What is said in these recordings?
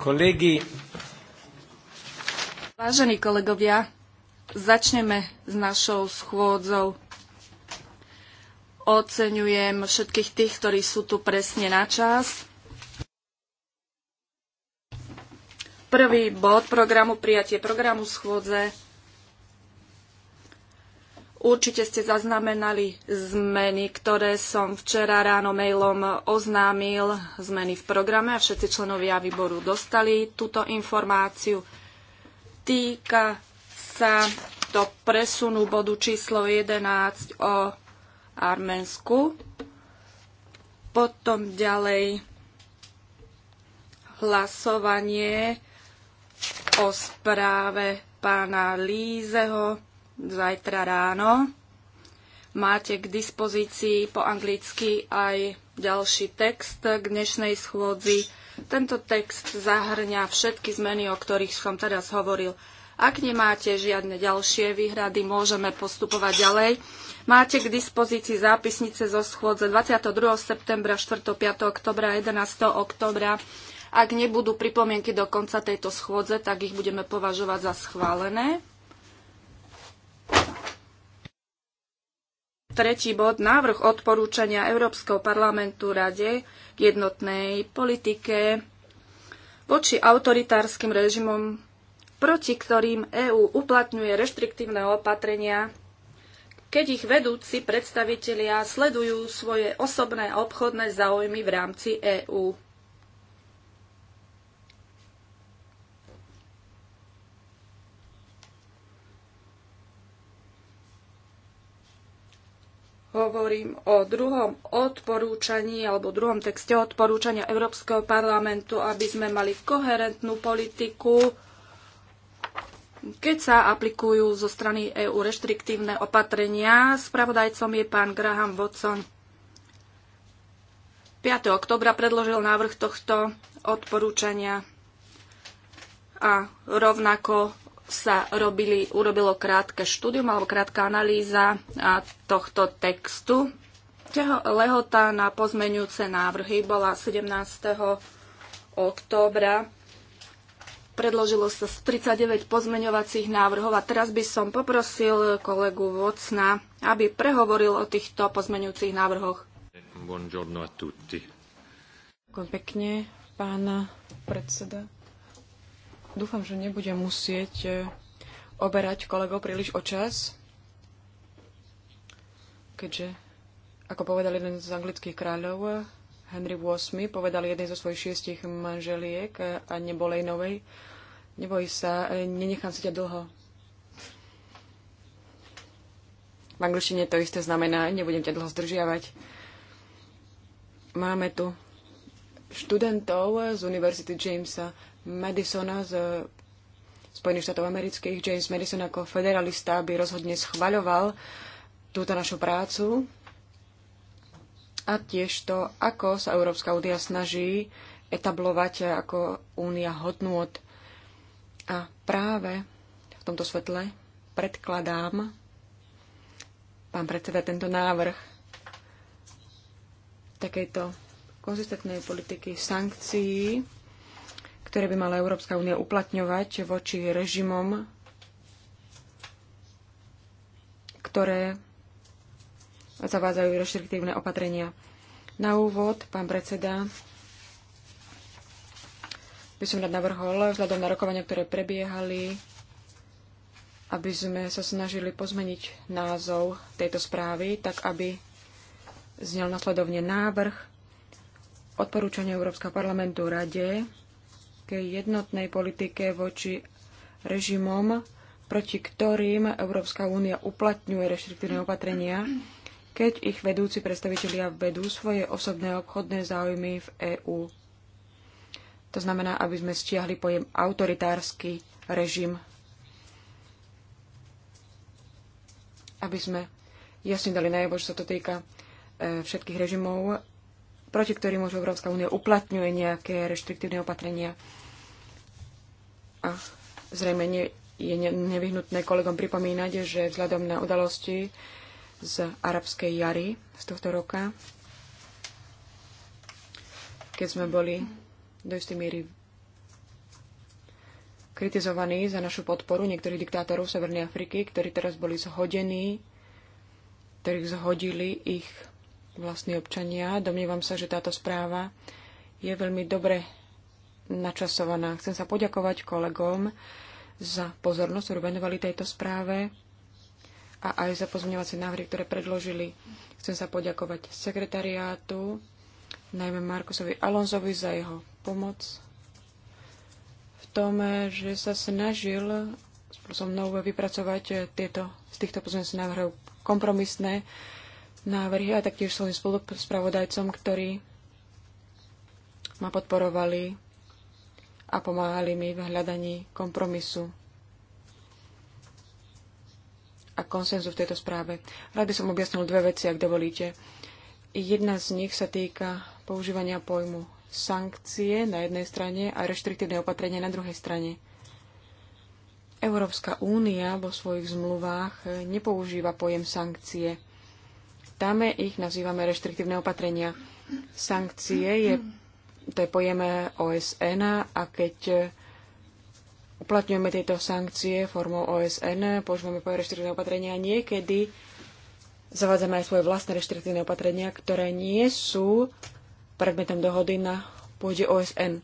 Kolegy. Vážení kolegovia, začneme s našou schôdzou. Oceňujem všetkých tých, ktorí sú tu presne na čas. Prvý bod programu prijatie programu schôdze Určite ste zaznamenali zmeny, ktoré som včera ráno mailom oznámil, zmeny v programe a všetci členovia výboru dostali túto informáciu. Týka sa to presunu bodu číslo 11 o Arménsku. Potom ďalej hlasovanie o správe pána Lízeho zajtra ráno. Máte k dispozícii po anglicky aj ďalší text k dnešnej schôdzi. Tento text zahrňa všetky zmeny, o ktorých som teraz hovoril. Ak nemáte žiadne ďalšie výhrady, môžeme postupovať ďalej. Máte k dispozícii zápisnice zo schôdze 22. septembra, 4. 5. oktobra, 11. oktobra. Ak nebudú pripomienky do konca tejto schôdze, tak ich budeme považovať za schválené. tretí bod, návrh odporúčania Európskeho parlamentu Rade k jednotnej politike voči autoritárskym režimom, proti ktorým EÚ uplatňuje reštriktívne opatrenia, keď ich vedúci predstavitelia sledujú svoje osobné obchodné záujmy v rámci EÚ. hovorím o druhom odporúčaní alebo druhom texte odporúčania Európskeho parlamentu, aby sme mali koherentnú politiku, keď sa aplikujú zo strany EÚ reštriktívne opatrenia. Spravodajcom je pán Graham Watson. 5. oktobra predložil návrh tohto odporúčania a rovnako sa robili, urobilo krátke štúdium alebo krátka analýza tohto textu. Lehota na pozmenujúce návrhy bola 17. októbra. Predložilo sa 39 pozmeňovacích návrhov a teraz by som poprosil kolegu Vocna, aby prehovoril o týchto pozmeňujúcich návrhoch. Buongiorno a tutti. Ďakujem pekne, pán predseda. Dúfam, že nebudem musieť e, oberať kolegov príliš o čas, keďže, ako povedal jeden z anglických kráľov, e, Henry VIII povedal jednej zo svojich šiestich manželiek e, a nebolej novej, neboj sa, nenechám si ťa dlho. V angličtine to isté znamená, nebudem ťa dlho zdržiavať. Máme tu študentov z Univerzity Jamesa Madisona z Spojených štátov amerických, James Madison ako federalista by rozhodne schvaľoval túto našu prácu a tiež to, ako sa Európska únia snaží etablovať ako únia hodnôt. A práve v tomto svetle predkladám, pán predseda, tento návrh takejto konzistentnej politiky sankcií ktoré by mala Európska únia uplatňovať voči režimom, ktoré zavádzajú reštriktívne opatrenia. Na úvod, pán predseda, by som rád navrhol, vzhľadom na rokovania, ktoré prebiehali, aby sme sa snažili pozmeniť názov tejto správy, tak aby znel nasledovne návrh odporúčania Európskeho parlamentu Rade európskej jednotnej politike voči režimom, proti ktorým Európska únia uplatňuje reštriktívne opatrenia, keď ich vedúci predstavitelia vedú svoje osobné obchodné záujmy v EÚ. To znamená, aby sme stiahli pojem autoritársky režim, aby sme jasne dali najavo, že sa to týka e, všetkých režimov, proti ktorým už Európska únia uplatňuje nejaké reštriktívne opatrenia. A zrejme nie, je nevyhnutné kolegom pripomínať, že vzhľadom na udalosti z arabskej jary z tohto roka, keď sme boli do istej miery kritizovaní za našu podporu niektorých diktátorov Severnej Afriky, ktorí teraz boli zhodení, ktorých zhodili ich vlastní občania. Domnievam sa, že táto správa je veľmi dobre načasovaná. Chcem sa poďakovať kolegom za pozornosť, ktorú venovali tejto správe a aj za pozmeňovacie návrhy, ktoré predložili. Chcem sa poďakovať sekretariátu, najmä Markusovi Alonzovi za jeho pomoc v tom, že sa snažil spolu so mnou vypracovať tieto, z týchto pozmeňovacích návrhov kompromisné návrhy a taktiež svojim spolupravodajcom, ktorí ma podporovali a pomáhali mi v hľadaní kompromisu a konsenzu v tejto správe. Rád by som objasnil dve veci, ak dovolíte. Jedna z nich sa týka používania pojmu sankcie na jednej strane a reštriktívne opatrenia na druhej strane. Európska únia vo svojich zmluvách nepoužíva pojem sankcie. Tame ich nazývame reštriktívne opatrenia. Sankcie je to je pojem OSN a keď uplatňujeme tieto sankcie formou OSN, používame pojem reštriktívne opatrenia, niekedy zavádzame aj svoje vlastné reštriktívne opatrenia, ktoré nie sú predmetom dohody na pôde OSN.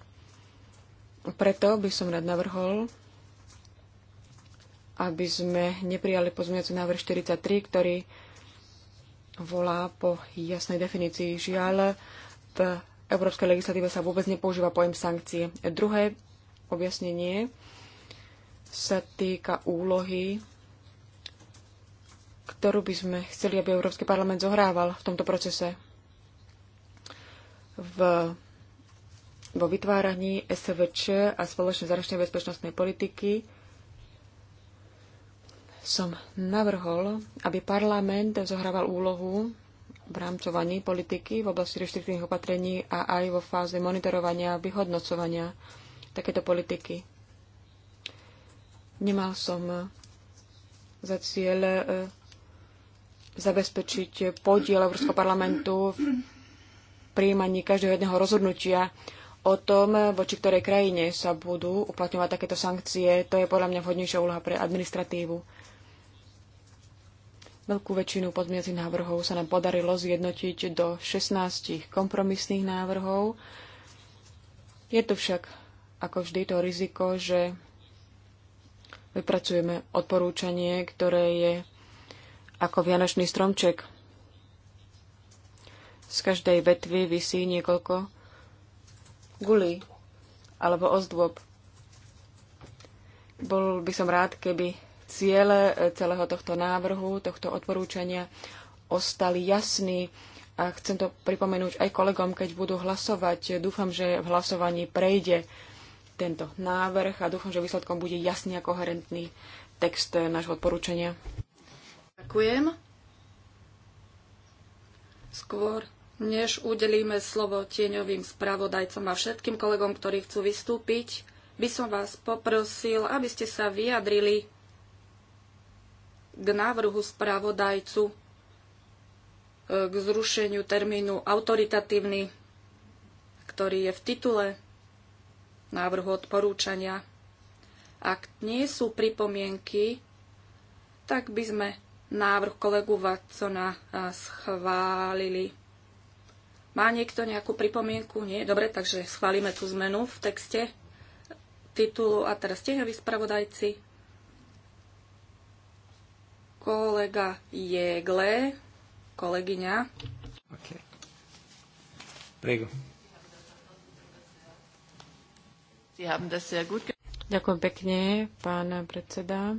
Preto by som rád navrhol, aby sme neprijali pozmeňovací návrh 43, ktorý volá po jasnej definícii. Žiaľ, v európskej legislatíve sa vôbec nepoužíva pojem sankcie. Druhé objasnenie sa týka úlohy, ktorú by sme chceli, aby Európsky parlament zohrával v tomto procese. V, vo vytváraní SVČ a spoločnej zahraničnej bezpečnostnej politiky som navrhol, aby parlament zohrával úlohu v rámcovaní politiky v oblasti reštriktívnych opatrení a aj vo fáze monitorovania a vyhodnocovania takéto politiky. Nemal som za cieľ e, zabezpečiť podiel Európskeho parlamentu v príjmaní každého jedného rozhodnutia o tom, voči ktorej krajine sa budú uplatňovať takéto sankcie. To je podľa mňa vhodnejšia úloha pre administratívu. Veľkú väčšinu podmienacích návrhov sa nám podarilo zjednotiť do 16 kompromisných návrhov. Je to však, ako vždy, to riziko, že vypracujeme odporúčanie, ktoré je ako vianočný stromček. Z každej vetvy vysí niekoľko gulí alebo ozdôb. Bol by som rád, keby ciele e, celého tohto návrhu, tohto odporúčania ostali jasní. A chcem to pripomenúť aj kolegom, keď budú hlasovať. Dúfam, že v hlasovaní prejde tento návrh a dúfam, že výsledkom bude jasný a koherentný text e, nášho odporúčania. Ďakujem. Skôr, než udelíme slovo tieňovým spravodajcom a všetkým kolegom, ktorí chcú vystúpiť, by som vás poprosil, aby ste sa vyjadrili k návrhu spravodajcu e, k zrušeniu termínu autoritatívny, ktorý je v titule návrhu odporúčania. Ak nie sú pripomienky, tak by sme návrh kolegu vácona e, schválili. Má niekto nejakú pripomienku? Nie? Dobre, takže schválime tú zmenu v texte titulu a teraz tieňoví spravodajci. Kolega Jegle, kolegyňa. OK. Prego. Ďakujem pekne, pán predseda.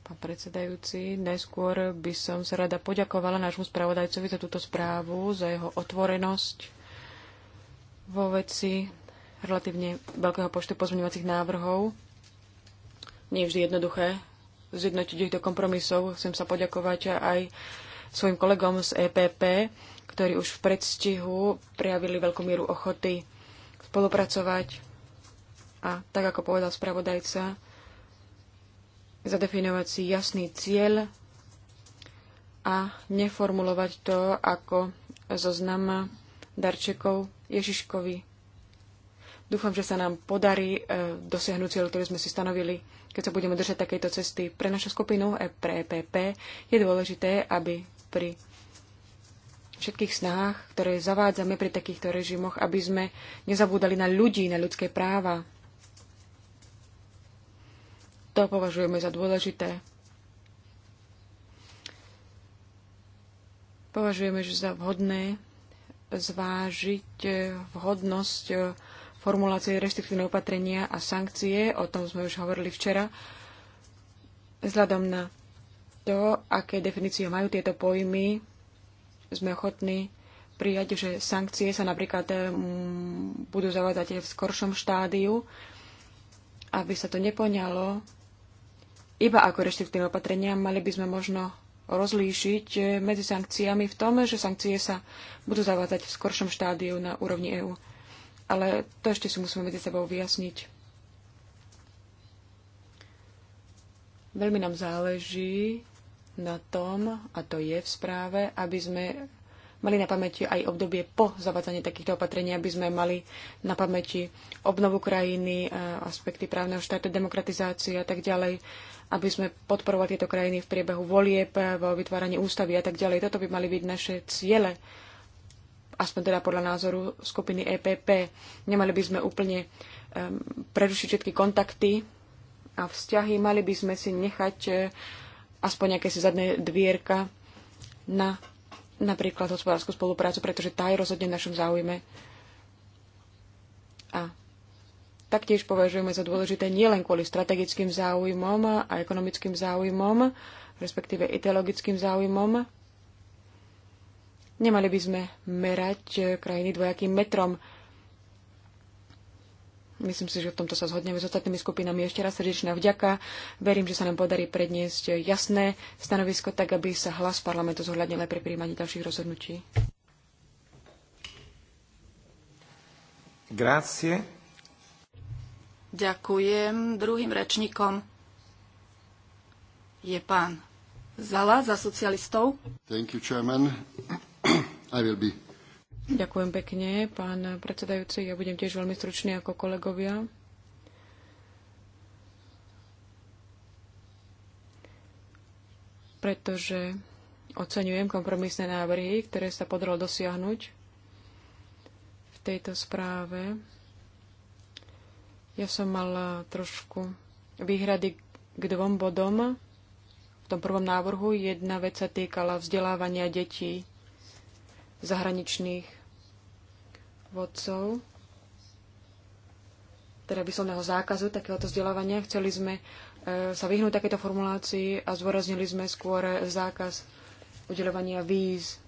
Pán predsedajúci, najskôr by som sa rada poďakovala nášmu spravodajcovi za túto správu, za jeho otvorenosť vo veci relatívne veľkého počtu pozmeňovacích návrhov. Nie je vždy jednoduché zjednotiť ich do kompromisov. Chcem sa poďakovať aj svojim kolegom z EPP, ktorí už v predstihu prejavili veľkú mieru ochoty spolupracovať a, tak ako povedal spravodajca, zadefinovať si jasný cieľ a neformulovať to ako zoznam darčekov Ježiškovi. Dúfam, že sa nám podarí e, dosiahnuť cieľ, ktorý sme si stanovili, keď sa budeme držať takejto cesty. Pre našu skupinu, e, pre EPP, je dôležité, aby pri všetkých snahách, ktoré zavádzame pri takýchto režimoch, aby sme nezabúdali na ľudí, na ľudské práva. To považujeme za dôležité. Považujeme že za vhodné zvážiť e, vhodnosť formulácie reštriktívne opatrenia a sankcie, o tom sme už hovorili včera, vzhľadom na to, aké definície majú tieto pojmy, sme ochotní prijať, že sankcie sa napríklad eh, budú zavádzať v skoršom štádiu, aby sa to nepoňalo iba ako reštriktívne opatrenia, mali by sme možno rozlíšiť eh, medzi sankciami v tom, že sankcie sa budú zavádzať v skoršom štádiu na úrovni EÚ ale to ešte si musíme medzi sebou vyjasniť. Veľmi nám záleží na tom, a to je v správe, aby sme mali na pamäti aj obdobie po zavádzaní takýchto opatrení, aby sme mali na pamäti obnovu krajiny, aspekty právneho štátu, demokratizácie a tak ďalej, aby sme podporovali tieto krajiny v priebehu volieb, vo vytváraní ústavy a tak ďalej. Toto by mali byť naše ciele aspoň teda podľa názoru skupiny EPP. Nemali by sme úplne um, prerušiť všetky kontakty a vzťahy, mali by sme si nechať uh, aspoň nejaké si zadné dvierka na napríklad hospodárskú spoluprácu, pretože tá je rozhodne v našom záujme. A taktiež považujeme za dôležité nielen kvôli strategickým záujmom a ekonomickým záujmom, respektíve ideologickým záujmom, Nemali by sme merať e, krajiny dvojakým metrom. Myslím si, že v tomto sa zhodneme s ostatnými skupinami. Ešte raz srdečná vďaka. Verím, že sa nám podarí predniesť jasné stanovisko, tak aby sa hlas parlamentu zohľadnil aj pri príjmaní ďalších rozhodnutí. Grazie. Ďakujem. Druhým rečníkom je pán Zala za socialistov. Thank you, chairman. I will be. Ďakujem pekne, pán predsedajúci. Ja budem tiež veľmi stručný ako kolegovia. Pretože oceňujem kompromisné návrhy, ktoré sa podarilo dosiahnuť v tejto správe. Ja som mala trošku výhrady k dvom bodom. V tom prvom návrhu jedna vec sa týkala vzdelávania detí zahraničných vodcov, teda vyslovného zákazu takéhoto vzdelávania. Chceli sme e, sa vyhnúť takéto formulácii a zdôraznili sme skôr zákaz udelovania víz.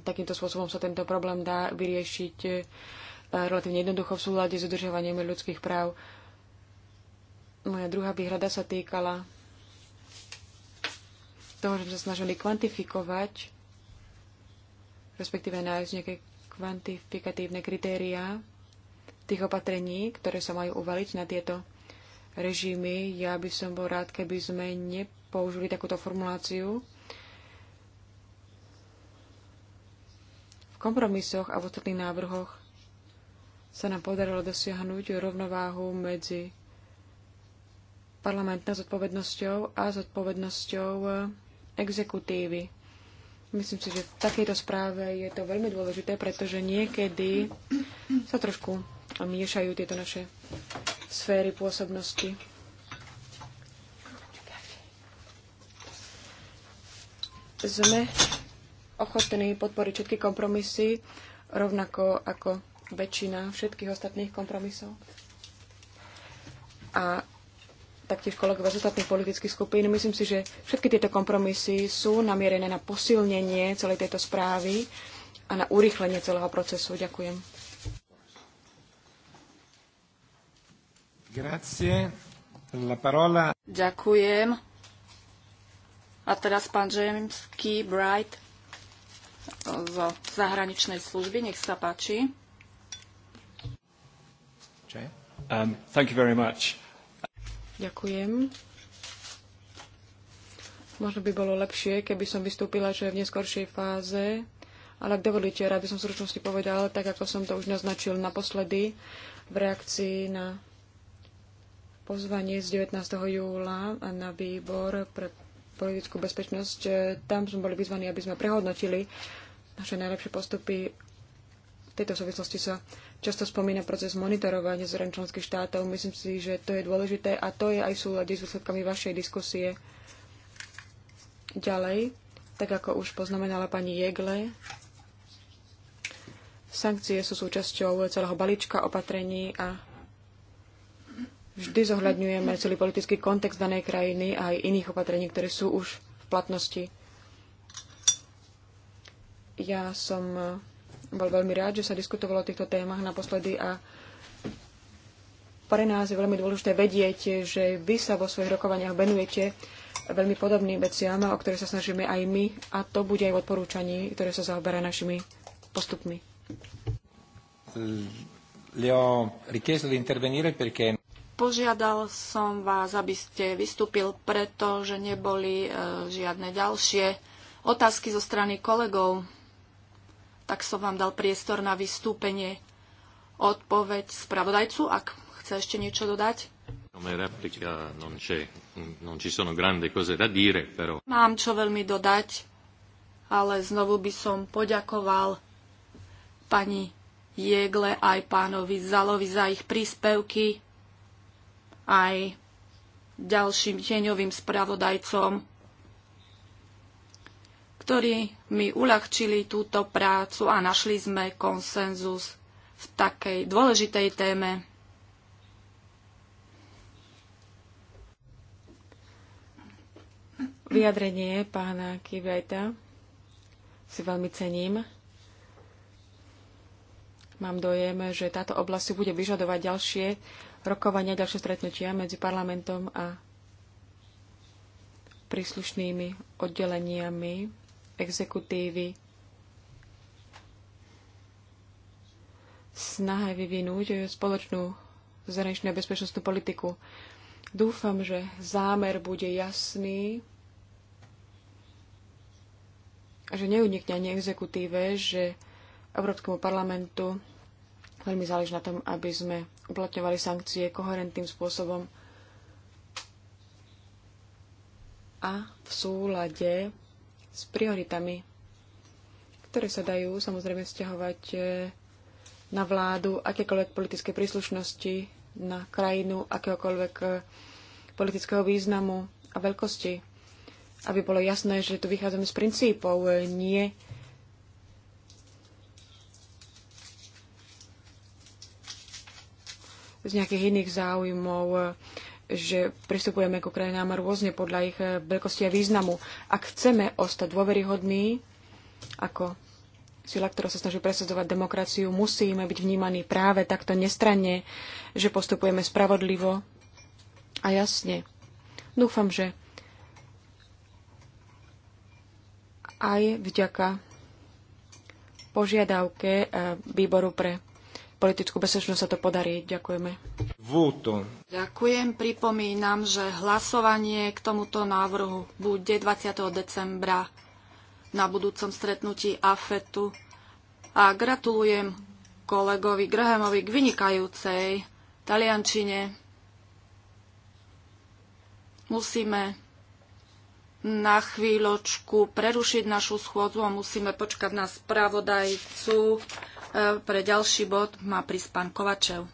Takýmto spôsobom sa tento problém dá vyriešiť e, relatívne jednoducho v súlade s udržovaním ľudských práv. Moja druhá výhrada sa týkala toho, že sme sa snažili kvantifikovať respektíve nájsť nejaké kvantifikatívne kritériá tých opatrení, ktoré sa majú uvaliť na tieto režimy. Ja by som bol rád, keby sme nepoužili takúto formuláciu. V kompromisoch a v ostatných návrhoch sa nám podarilo dosiahnuť rovnováhu medzi parlamentnou zodpovednosťou a zodpovednosťou exekutívy. Myslím si, že v takejto správe je to veľmi dôležité, pretože niekedy sa trošku miešajú tieto naše sféry pôsobnosti. Sme ochotní podporiť všetky kompromisy, rovnako ako väčšina všetkých ostatných kompromisov. A taktiež kolegovia z ostatných politických skupín. Myslím si, že všetky tieto kompromisy sú namierené na posilnenie celej tejto správy a na urýchlenie celého procesu. Ďakujem. Grazie. La parola. Ďakujem. A teraz pán James Key Bright zo zahraničnej služby. Nech sa páči. Um, thank you very much. Ďakujem. Možno by bolo lepšie, keby som vystúpila, že v neskoršej fáze, ale ak dovolíte, rád by som v stručnosti povedal, tak ako som to už naznačil naposledy v reakcii na pozvanie z 19. júla na výbor pre politickú bezpečnosť. Tam sme boli vyzvaní, aby sme prehodnotili naše najlepšie postupy tejto súvislosti sa často spomína proces monitorovania z členských štátov. Myslím si, že to je dôležité a to je aj v súlade s výsledkami vašej diskusie. Ďalej, tak ako už poznamenala pani Jegle, sankcie sú súčasťou celého balíčka opatrení a vždy zohľadňujeme celý politický kontext danej krajiny a aj iných opatrení, ktoré sú už v platnosti. Ja som bol veľmi rád, že sa diskutovalo o týchto témach naposledy a pre nás je veľmi dôležité vedieť, že vy sa vo svojich rokovaniach venujete veľmi podobným veciam, o ktoré sa snažíme aj my a to bude aj v odporúčaní, ktoré sa zaoberá našimi postupmi. Požiadal som vás, aby ste vystúpil, pretože neboli eh, žiadne ďalšie otázky zo strany kolegov tak som vám dal priestor na vystúpenie. Odpoveď spravodajcu, ak chce ešte niečo dodať. No, Mám čo veľmi dodať, ale znovu by som poďakoval pani Jegle aj pánovi Zalovi za ich príspevky, aj ďalším tieňovým spravodajcom ktorí mi uľahčili túto prácu a našli sme konsenzus v takej dôležitej téme. Vyjadrenie pána Kivajta si veľmi cením. Mám dojem, že táto oblasť si bude vyžadovať ďalšie rokovania, ďalšie stretnutia medzi parlamentom a príslušnými oddeleniami exekutívy snahe vyvinúť spoločnú zahraničnú bezpečnostnú politiku. Dúfam, že zámer bude jasný a že neunikne ani exekutíve, že Európskemu parlamentu veľmi záleží na tom, aby sme uplatňovali sankcie koherentným spôsobom a v súlade s prioritami, ktoré sa dajú samozrejme vzťahovať e, na vládu, akékoľvek politické príslušnosti, na krajinu, akéhokoľvek e, politického významu a veľkosti. Aby bolo jasné, že tu vychádzame z princípov, e, nie z nejakých iných záujmov že pristupujeme k krajinám rôzne podľa ich eh, veľkosti a významu. Ak chceme ostať dôveryhodní ako sila, ktorá sa snaží presadzovať demokraciu, musíme byť vnímaní práve takto nestranne, že postupujeme spravodlivo a jasne. Dúfam, že aj vďaka požiadavke eh, výboru pre politickú bezpečnosť sa to podarí. Ďakujeme. Vúto. Ďakujem. Pripomínam, že hlasovanie k tomuto návrhu bude 20. decembra na budúcom stretnutí AFETu. A gratulujem kolegovi Grahamovi k vynikajúcej taliančine. Musíme na chvíľočku prerušiť našu schôdzu a musíme počkať na spravodajcu. Pre ďalší bod má prísť pán Kovačev.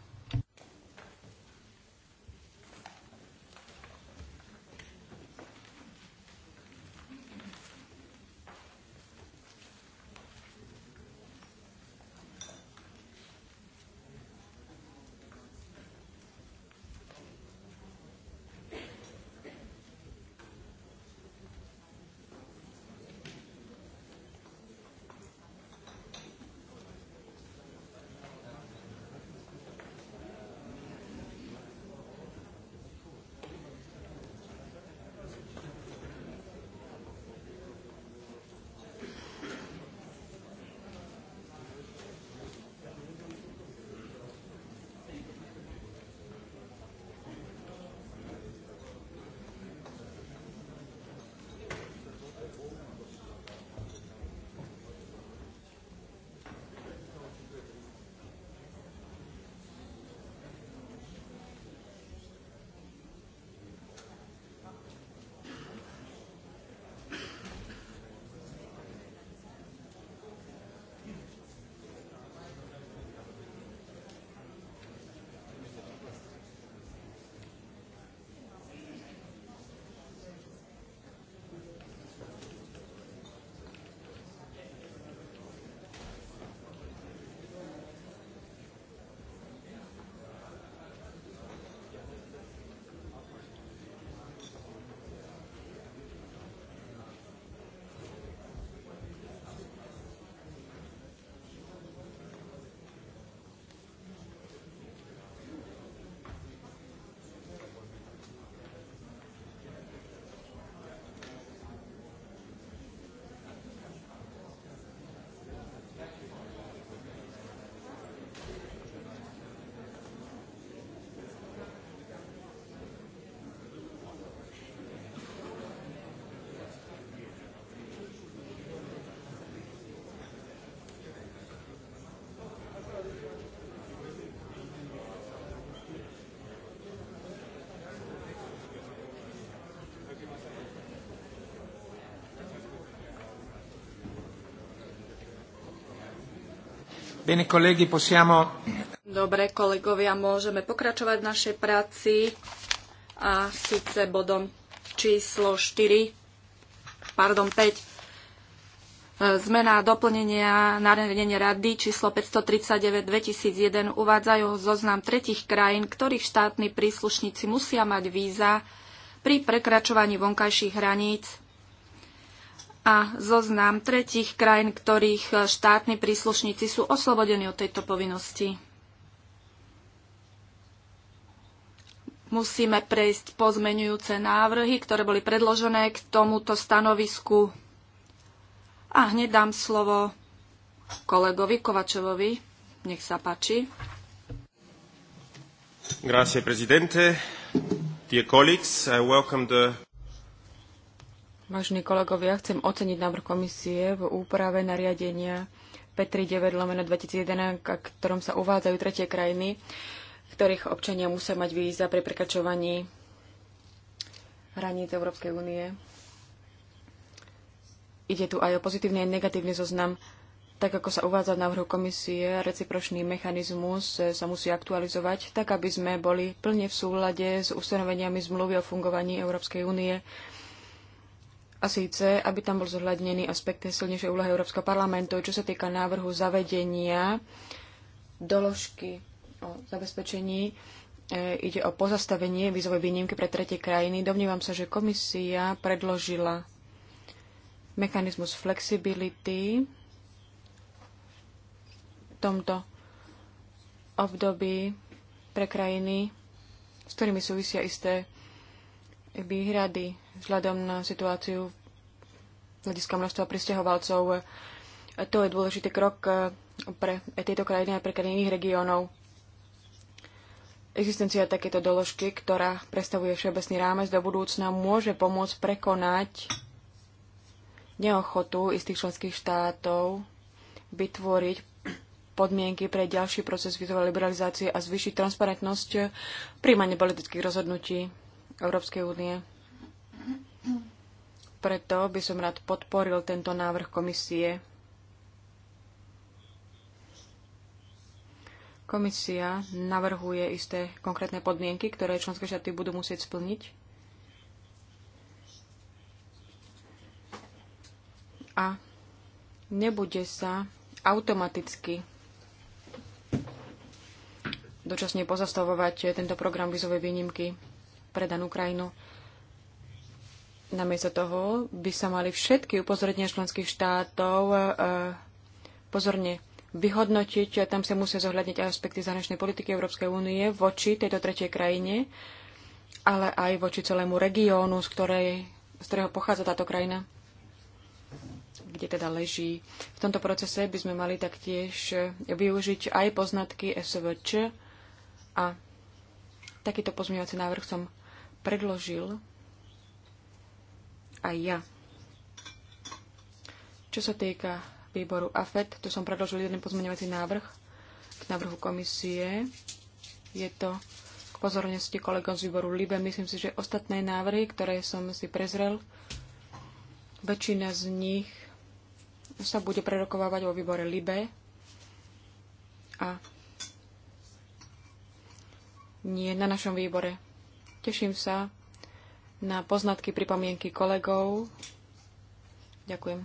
Bene, colleghi, possiamo... Dobre, kolegovia, môžeme pokračovať v našej práci a síce bodom číslo 4, pardon 5, e, zmena a doplnenia nariadenia rady číslo 539-2001 uvádzajú zoznam tretich krajín, ktorých štátni príslušníci musia mať víza pri prekračovaní vonkajších hraníc a zoznam tretich krajín, ktorých štátni príslušníci sú oslobodení od tejto povinnosti. Musíme prejsť pozmenujúce návrhy, ktoré boli predložené k tomuto stanovisku. A hneď dám slovo kolegovi Kovačovovi. Nech sa páči. Grazie, prezidente. Dear colleagues, I welcome the Vážení kolegovia, chcem oceniť návrh komisie v úprave nariadenia P39 2001, ktorom sa uvádzajú tretie krajiny, ktorých občania musia mať víza pri prekračovaní hraníc Európskej únie. Ide tu aj o pozitívny a negatívny zoznam tak ako sa uvádza v návrhu komisie, recipročný mechanizmus sa musí aktualizovať, tak aby sme boli plne v súlade s ustanoveniami zmluvy o fungovaní Európskej únie a síce, aby tam bol zohľadnený aspekt silnejšej úlohy Európskeho parlamentu, čo sa týka návrhu zavedenia doložky o zabezpečení, e, ide o pozastavenie vízovej výnimky pre tretie krajiny. Domnívam sa, že komisia predložila mechanizmus flexibility v tomto období pre krajiny, s ktorými súvisia isté výhrady vzhľadom na situáciu hľadiska množstva pristahovalcov. To je dôležitý krok eh, pre tieto krajiny a pre krajiny iných regiónov. Existencia takéto doložky, ktorá predstavuje všeobecný rámec do budúcna, môže pomôcť prekonať neochotu istých členských štátov vytvoriť podmienky pre ďalší proces vizovej liberalizácie a zvýšiť transparentnosť príjmania politických rozhodnutí. Európskej únie. Preto by som rád podporil tento návrh komisie. Komisia navrhuje isté konkrétne podmienky, ktoré členské štáty budú musieť splniť. A nebude sa automaticky dočasne pozastavovať tento program vizovej výnimky predanú krajinu. Namiesto toho by sa mali všetky upozornenia členských štátov e, pozorne vyhodnotiť. a Tam sa musia zohľadniť aj aspekty zahraničnej politiky Európskej únie voči tejto tretej krajine, ale aj voči celému regiónu, z, ktorej, z ktorého pochádza táto krajina kde teda leží. V tomto procese by sme mali taktiež využiť aj poznatky SVČ a takýto pozmeňovací návrh som predložil aj ja. Čo sa týka výboru AFET, tu som predložil jeden pozmeňovací návrh k návrhu komisie. Je to k pozornosti kolegom z výboru LIBE. Myslím si, že ostatné návrhy, ktoré som si prezrel, väčšina z nich sa bude prerokovávať vo výbore LIBE a nie na našom výbore. Teším sa na poznatky, pripomienky kolegov. Ďakujem.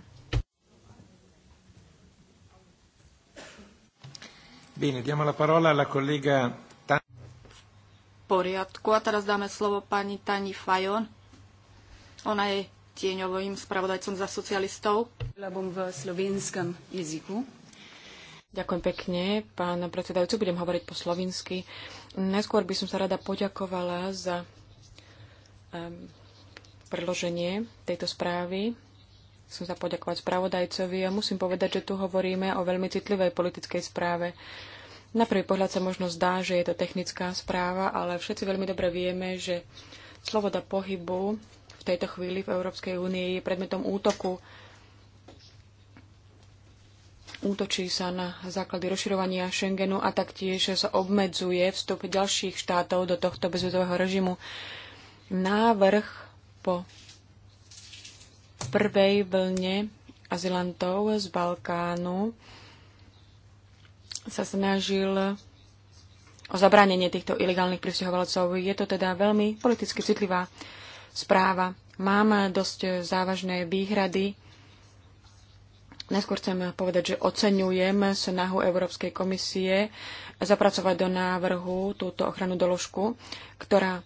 Bene, diamo la parola alla collega Tani. poriadku. A teraz dáme slovo pani Tani Fajon. Ona je tieňovým spravodajcom za socialistov. v slovenskom jazyku. Ďakujem pekne, pán predsedajúci. Budem hovoriť po slovinsky. Najskôr by som sa rada poďakovala za predloženie tejto správy. Som sa poďakovať spravodajcovi a musím povedať, že tu hovoríme o veľmi citlivej politickej správe. Na prvý pohľad sa možno zdá, že je to technická správa, ale všetci veľmi dobre vieme, že sloboda pohybu v tejto chvíli v Európskej únii je predmetom útoku útočí sa na základy rozširovania Schengenu a taktiež sa obmedzuje vstup ďalších štátov do tohto bezvetového režimu. Návrh po prvej vlne azylantov z Balkánu sa snažil o zabránenie týchto ilegálnych pristahovalcov. Je to teda veľmi politicky citlivá správa. Mám dosť závažné výhrady Najskôr chcem povedať, že oceňujem snahu Európskej komisie zapracovať do návrhu túto ochranu doložku, ktorá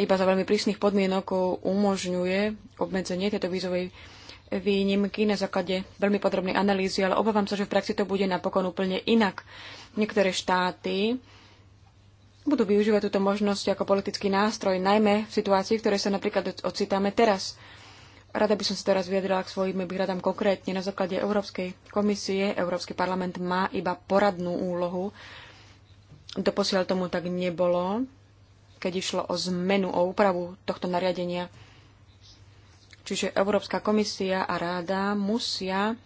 iba za veľmi prísnych podmienok umožňuje obmedzenie tejto vízovej výnimky na základe veľmi podrobnej analýzy, ale obávam sa, že v praxi to bude napokon úplne inak. Niektoré štáty budú využívať túto možnosť ako politický nástroj, najmä v situácii, v ktorej sa napríklad ocitáme teraz. Rada by som sa teraz vyjadrila k svojim výhradám konkrétne. Na základe Európskej komisie Európsky parlament má iba poradnú úlohu. Doposiaľ tomu tak nebolo, keď išlo o zmenu, o úpravu tohto nariadenia. Čiže Európska komisia a ráda musia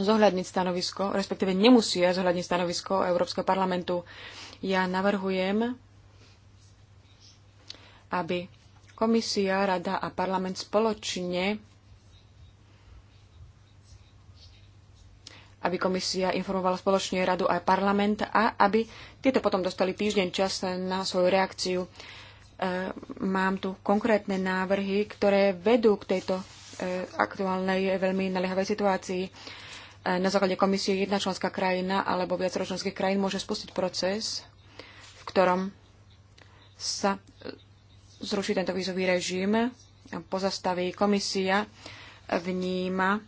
zohľadniť stanovisko, respektíve nemusia zohľadniť stanovisko Európskeho parlamentu. Ja navrhujem, aby Komisia, Rada a parlament spoločne aby komisia informovala spoločne radu aj parlament a aby tieto potom dostali týždeň čas na svoju reakciu. E, mám tu konkrétne návrhy, ktoré vedú k tejto e, aktuálnej veľmi naliehavej situácii. E, na základe komisie jedna členská krajina alebo viacero členských krajín môže spustiť proces, v ktorom sa zruší tento vízový režim, pozastaví komisia, vníma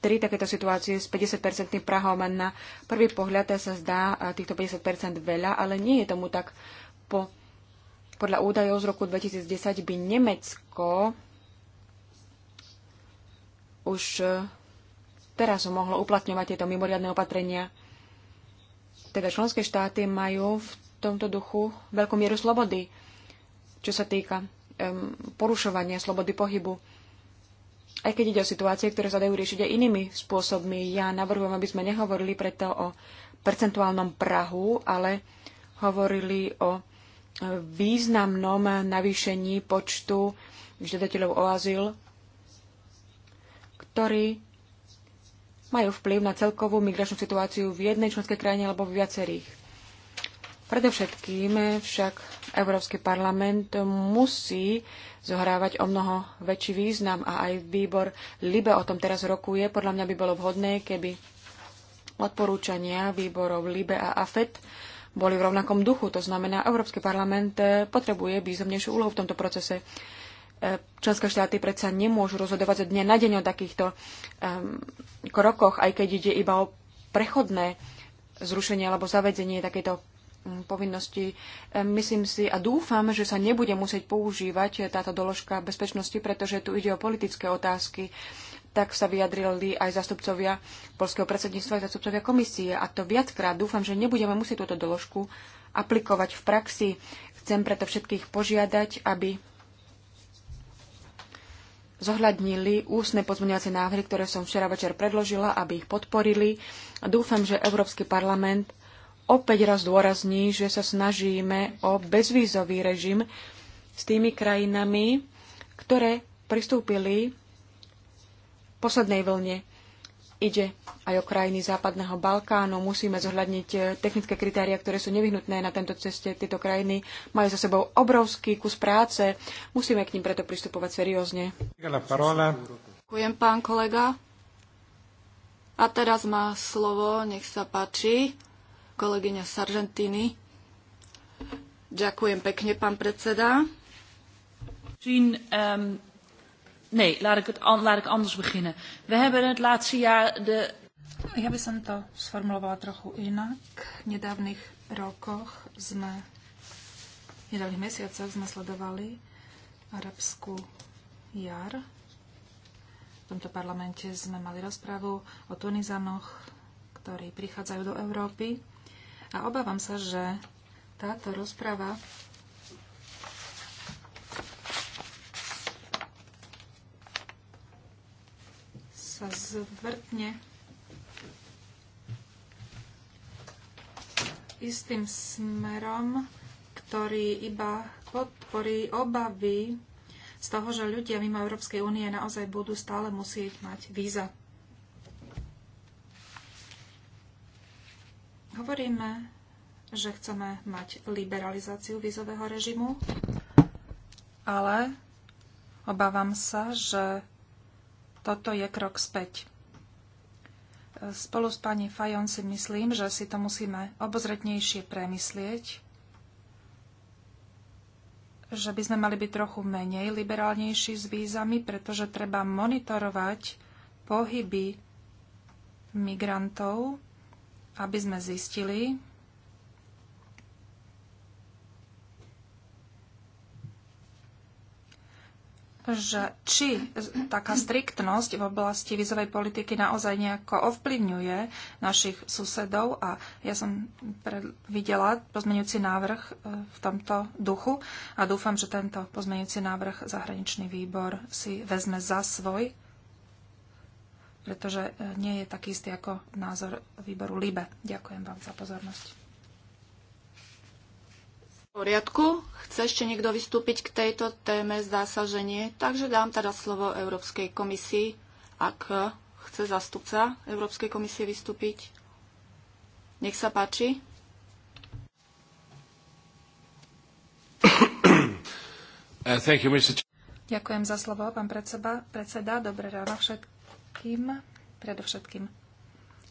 tri takéto situácie s 50-percentným prahom. Na prvý pohľad sa zdá týchto 50% veľa, ale nie je tomu tak. Po, podľa údajov z roku 2010 by Nemecko už e, teraz mohlo uplatňovať tieto mimoriadne opatrenia. Teda členské štáty majú v tomto duchu veľkú mieru slobody čo sa týka porušovania slobody pohybu. Aj keď ide o situácie, ktoré sa dajú riešiť aj inými spôsobmi, ja navrhujem, aby sme nehovorili preto o percentuálnom Prahu, ale hovorili o e, významnom navýšení počtu žiadateľov o azyl, ktorí majú vplyv na celkovú migračnú situáciu v jednej členskej krajine alebo v viacerých. Predovšetkým však Európsky parlament musí zohrávať o mnoho väčší význam a aj výbor LIBE o tom teraz rokuje. Podľa mňa by bolo vhodné, keby odporúčania výborov LIBE a AFET boli v rovnakom duchu. To znamená, Európsky parlament potrebuje významnejšiu úlohu v tomto procese. Členské štáty predsa nemôžu rozhodovať zo dňa na deň o takýchto um, krokoch, aj keď ide iba o prechodné zrušenie alebo zavedenie takéto Mm, povinnosti. Myslím si a dúfam, že sa nebude musieť používať eh, táto doložka bezpečnosti, pretože tu ide o politické otázky. Tak sa vyjadrili aj zastupcovia polského predsedníctva, aj zastupcovia komisie. A to viackrát dúfam, že nebudeme musieť túto doložku aplikovať v praxi. Chcem preto všetkých požiadať, aby zohľadnili ústne pozmeňovacie návrhy, ktoré som včera večer predložila, aby ich podporili. Dúfam, že Európsky parlament opäť raz dôrazní, že sa snažíme o bezvízový režim s tými krajinami, ktoré pristúpili v poslednej vlne. Ide aj o krajiny Západného Balkánu. Musíme zohľadniť eh, technické kritéria, ktoré sú nevyhnutné na tento ceste. Tieto krajiny majú za sebou obrovský kus práce. Musíme k ním preto pristupovať seriózne. Ďakujem, pán kolega. A teraz má slovo, nech sa páči kolegyňa Sargentini. Ďakujem pekne, pán predseda. Zien, um, ehm, nee, laat ik, het, laat ik anders beginnen. We hebben het laatste jaar de... Ja by som to sformulovala trochu inak. V nedávnych rokoch sme, v nedávnych mesiacoch sme sledovali arabskú jar. V tomto parlamente sme mali rozpravu o Tunizanoch, ktorí prichádzajú do Európy. A obávam sa, že táto rozprava sa zvrtne istým smerom, ktorý iba podporí obavy z toho, že ľudia mimo Európskej únie naozaj budú stále musieť mať víza. Hovoríme, že chceme mať liberalizáciu vízového režimu, ale obávam sa, že toto je krok späť. Spolu s pani Fajon si myslím, že si to musíme obozretnejšie premyslieť, že by sme mali byť trochu menej liberálnejší s vízami, pretože treba monitorovať pohyby migrantov aby sme zistili, že či taká striktnosť v oblasti vizovej politiky naozaj nejako ovplyvňuje našich susedov a ja som videla pozmeňujúci návrh e, v tomto duchu a dúfam, že tento pozmeňujúci návrh zahraničný výbor si vezme za svoj pretože e, nie je taký istý ako názor výboru LIBE. Ďakujem vám za pozornosť. V poriadku. Chce ešte niekto vystúpiť k tejto téme? Zdá sa, že nie. Takže dám teda slovo Európskej komisii, ak chce zastupca Európskej komisie vystúpiť. Nech sa páči. Uh, Ďakujem za slovo, pán predseda. predseda. Dobré ráno všetkým všetkým, predovšetkým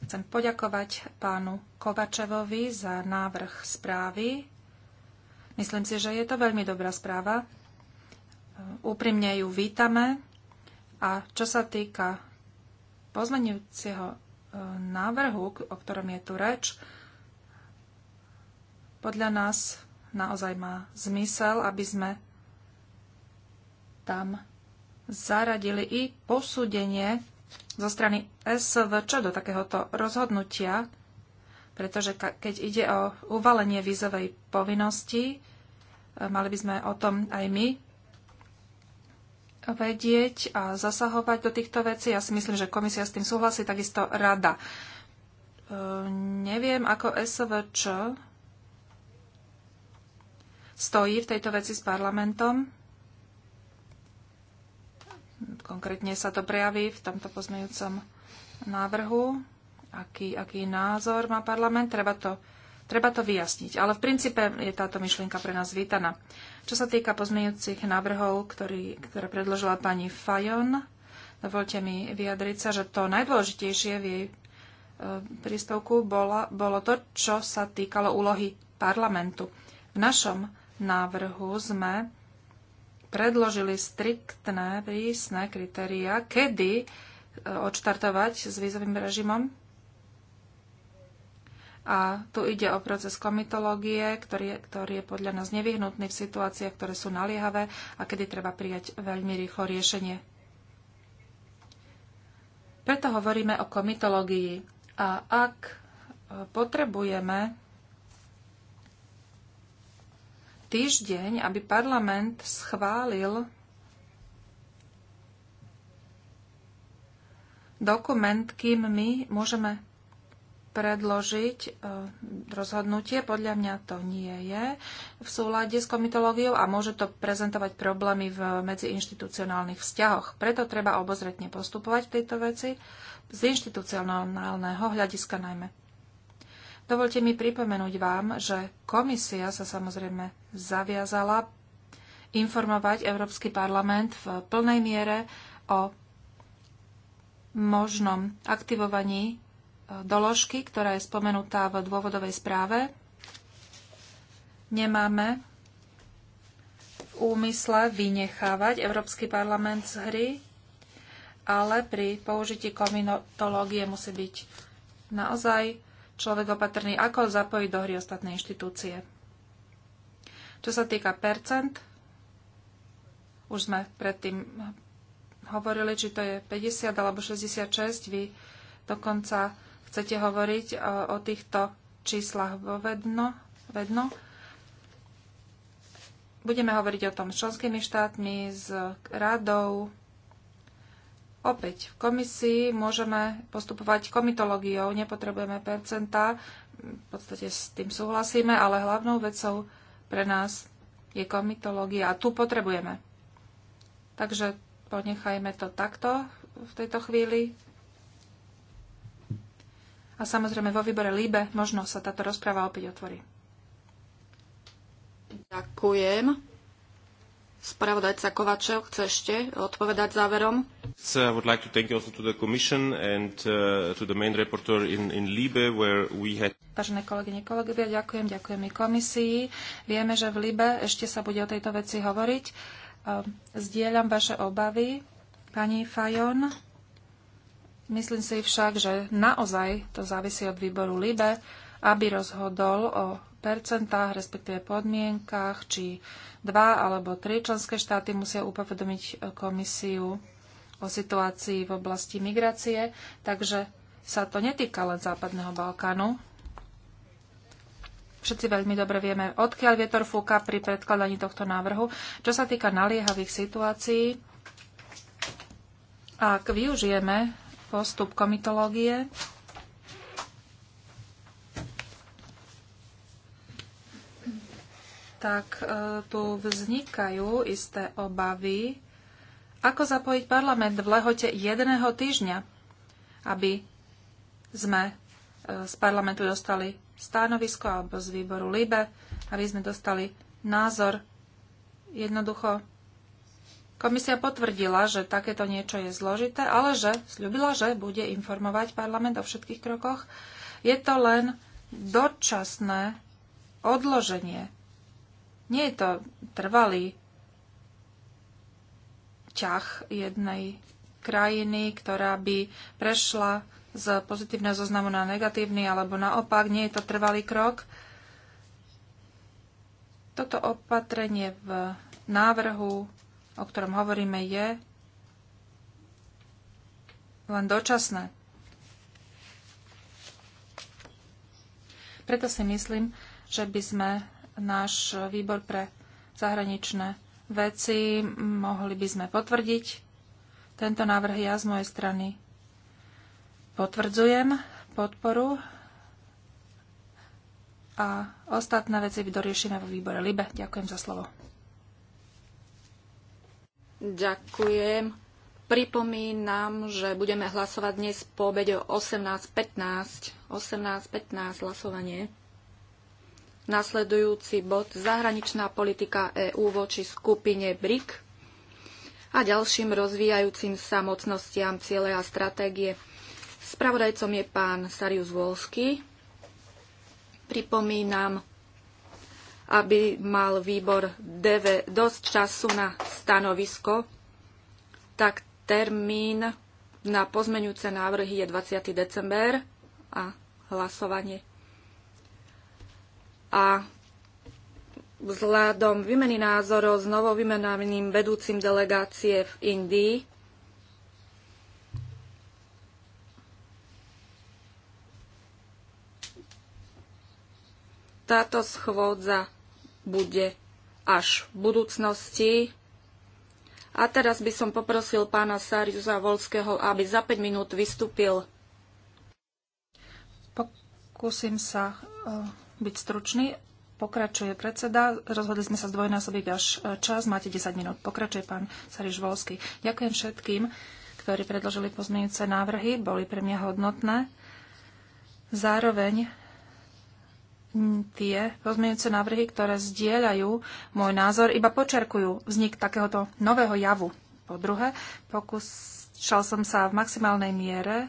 chcem poďakovať pánu Kovačevovi za návrh správy. Myslím si, že je to veľmi dobrá správa. Úprimne ju vítame. A čo sa týka pozmenujúceho e, návrhu, o ktorom je tu reč, podľa nás naozaj má zmysel, aby sme tam zaradili i posúdenie zo strany SVČ do takéhoto rozhodnutia, pretože keď ide o uvalenie vízovej povinnosti, e, mali by sme o tom aj my vedieť a zasahovať do týchto vecí. Ja si myslím, že komisia s tým súhlasí, takisto rada. E, neviem, ako SVČ stojí v tejto veci s parlamentom. Konkrétne sa to prejaví v tomto pozmejúcom návrhu, aký, aký názor má parlament. Treba to, treba to vyjasniť. Ale v princípe je táto myšlienka pre nás vítaná. Čo sa týka pozmejúcich návrhov, ktorý, ktoré predložila pani Fajon, dovolte mi vyjadriť sa, že to najdôležitejšie v jej e, príspevku bola, bolo to, čo sa týkalo úlohy parlamentu. V našom návrhu sme predložili striktné, prísne kritériá, kedy e, odštartovať s vízovým režimom. A tu ide o proces komitológie, ktorý je, ktorý je podľa nás nevyhnutný v situáciách, ktoré sú naliehavé a kedy treba prijať veľmi rýchlo riešenie. Preto hovoríme o komitológii. A ak e, potrebujeme týždeň, aby parlament schválil dokument, kým my môžeme predložiť e, rozhodnutie. Podľa mňa to nie je v súlade s komitológiou a môže to prezentovať problémy v medziinštitucionálnych vzťahoch. Preto treba obozretne postupovať v tejto veci z inštitucionálneho hľadiska najmä. Dovolte mi pripomenúť vám, že komisia sa samozrejme zaviazala informovať Európsky parlament v plnej miere o možnom aktivovaní e, doložky, ktorá je spomenutá v dôvodovej správe. Nemáme v úmysle vynechávať Európsky parlament z hry, ale pri použití kominotológie musí byť naozaj človek opatrný, ako zapojiť do hry ostatné inštitúcie. Čo sa týka percent, už sme predtým hovorili, či to je 50 alebo 66, vy dokonca chcete hovoriť o, e, o týchto číslach vo vedno, vedno. Budeme hovoriť o tom s členskými štátmi, s radou, Opäť, v komisii môžeme postupovať komitológiou, nepotrebujeme percenta, v podstate s tým súhlasíme, ale hlavnou vecou pre nás je komitológia a tu potrebujeme. Takže ponechajme to takto v tejto chvíli. A samozrejme vo výbore líbe možno sa táto rozpráva opäť otvorí. Ďakujem. Spravodajca Kovačev, chce ešte odpovedať záverom? So I would like to thank you also to the Commission and uh, to the main in, in Libe, where we had... Vážené kolegyne, kolegovia, ďakujem, ďakujem i komisii. Vieme, že v Libe ešte sa bude o tejto veci hovoriť. Um, zdieľam vaše obavy, pani Fajon. Myslím si však, že naozaj to závisí od výboru Libe, aby rozhodol o percentách, respektíve podmienkach, či dva alebo tri členské štáty musia upovedomiť e, komisiu o situácii v oblasti migrácie, takže sa to netýka len Západného Balkánu. Všetci veľmi dobre vieme, odkiaľ vietor fúka pri predkladaní tohto návrhu. Čo sa týka naliehavých situácií, ak využijeme postup komitológie, tak e, tu vznikajú isté obavy, ako zapojiť parlament v lehote jedného týždňa, aby sme e, z parlamentu dostali stanovisko alebo z výboru LIBE, aby sme dostali názor. Jednoducho, komisia potvrdila, že takéto niečo je zložité, ale že sľubila, že bude informovať parlament o všetkých krokoch. Je to len dočasné odloženie nie je to trvalý ťah jednej krajiny, ktorá by prešla z pozitívneho zoznamu na negatívny, alebo naopak, nie je to trvalý krok. Toto opatrenie v návrhu, o ktorom hovoríme, je len dočasné. Preto si myslím, že by sme náš výbor pre zahraničné veci. Mohli by sme potvrdiť tento návrh. Ja z mojej strany potvrdzujem podporu a ostatné veci doriešime vo výbore LIBE. Ďakujem za slovo. Ďakujem. Pripomínam, že budeme hlasovať dnes po obede o 18.15. 18.15 hlasovanie. Nasledujúci bod zahraničná politika EÚ voči skupine BRIC a ďalším rozvíjajúcim sa mocnostiam ciele a stratégie. Spravodajcom je pán Sarius Volsky. Pripomínam, aby mal výbor DV dosť času na stanovisko, tak termín na pozmeňujúce návrhy je 20. december a hlasovanie a vzhľadom výmeny názorov s novovymenaným vedúcim delegácie v Indii táto schôdza bude až v budúcnosti. A teraz by som poprosil pána Sáriusa Volského, aby za 5 minút vystúpil. Pokúsim sa eh, byť stručný. Pokračuje predseda. Rozhodli sme sa zdvojnásobiť až e, čas. Máte 10 minút. Pokračuje pán Sariš Volsky. Ďakujem všetkým, ktorí predložili pozmeňujúce návrhy. Boli pre mňa hodnotné. Zároveň tie pozmeňujúce návrhy, ktoré zdieľajú môj názor, iba počerkujú vznik takéhoto nového javu. Po druhé, pokúšal som sa v maximálnej miere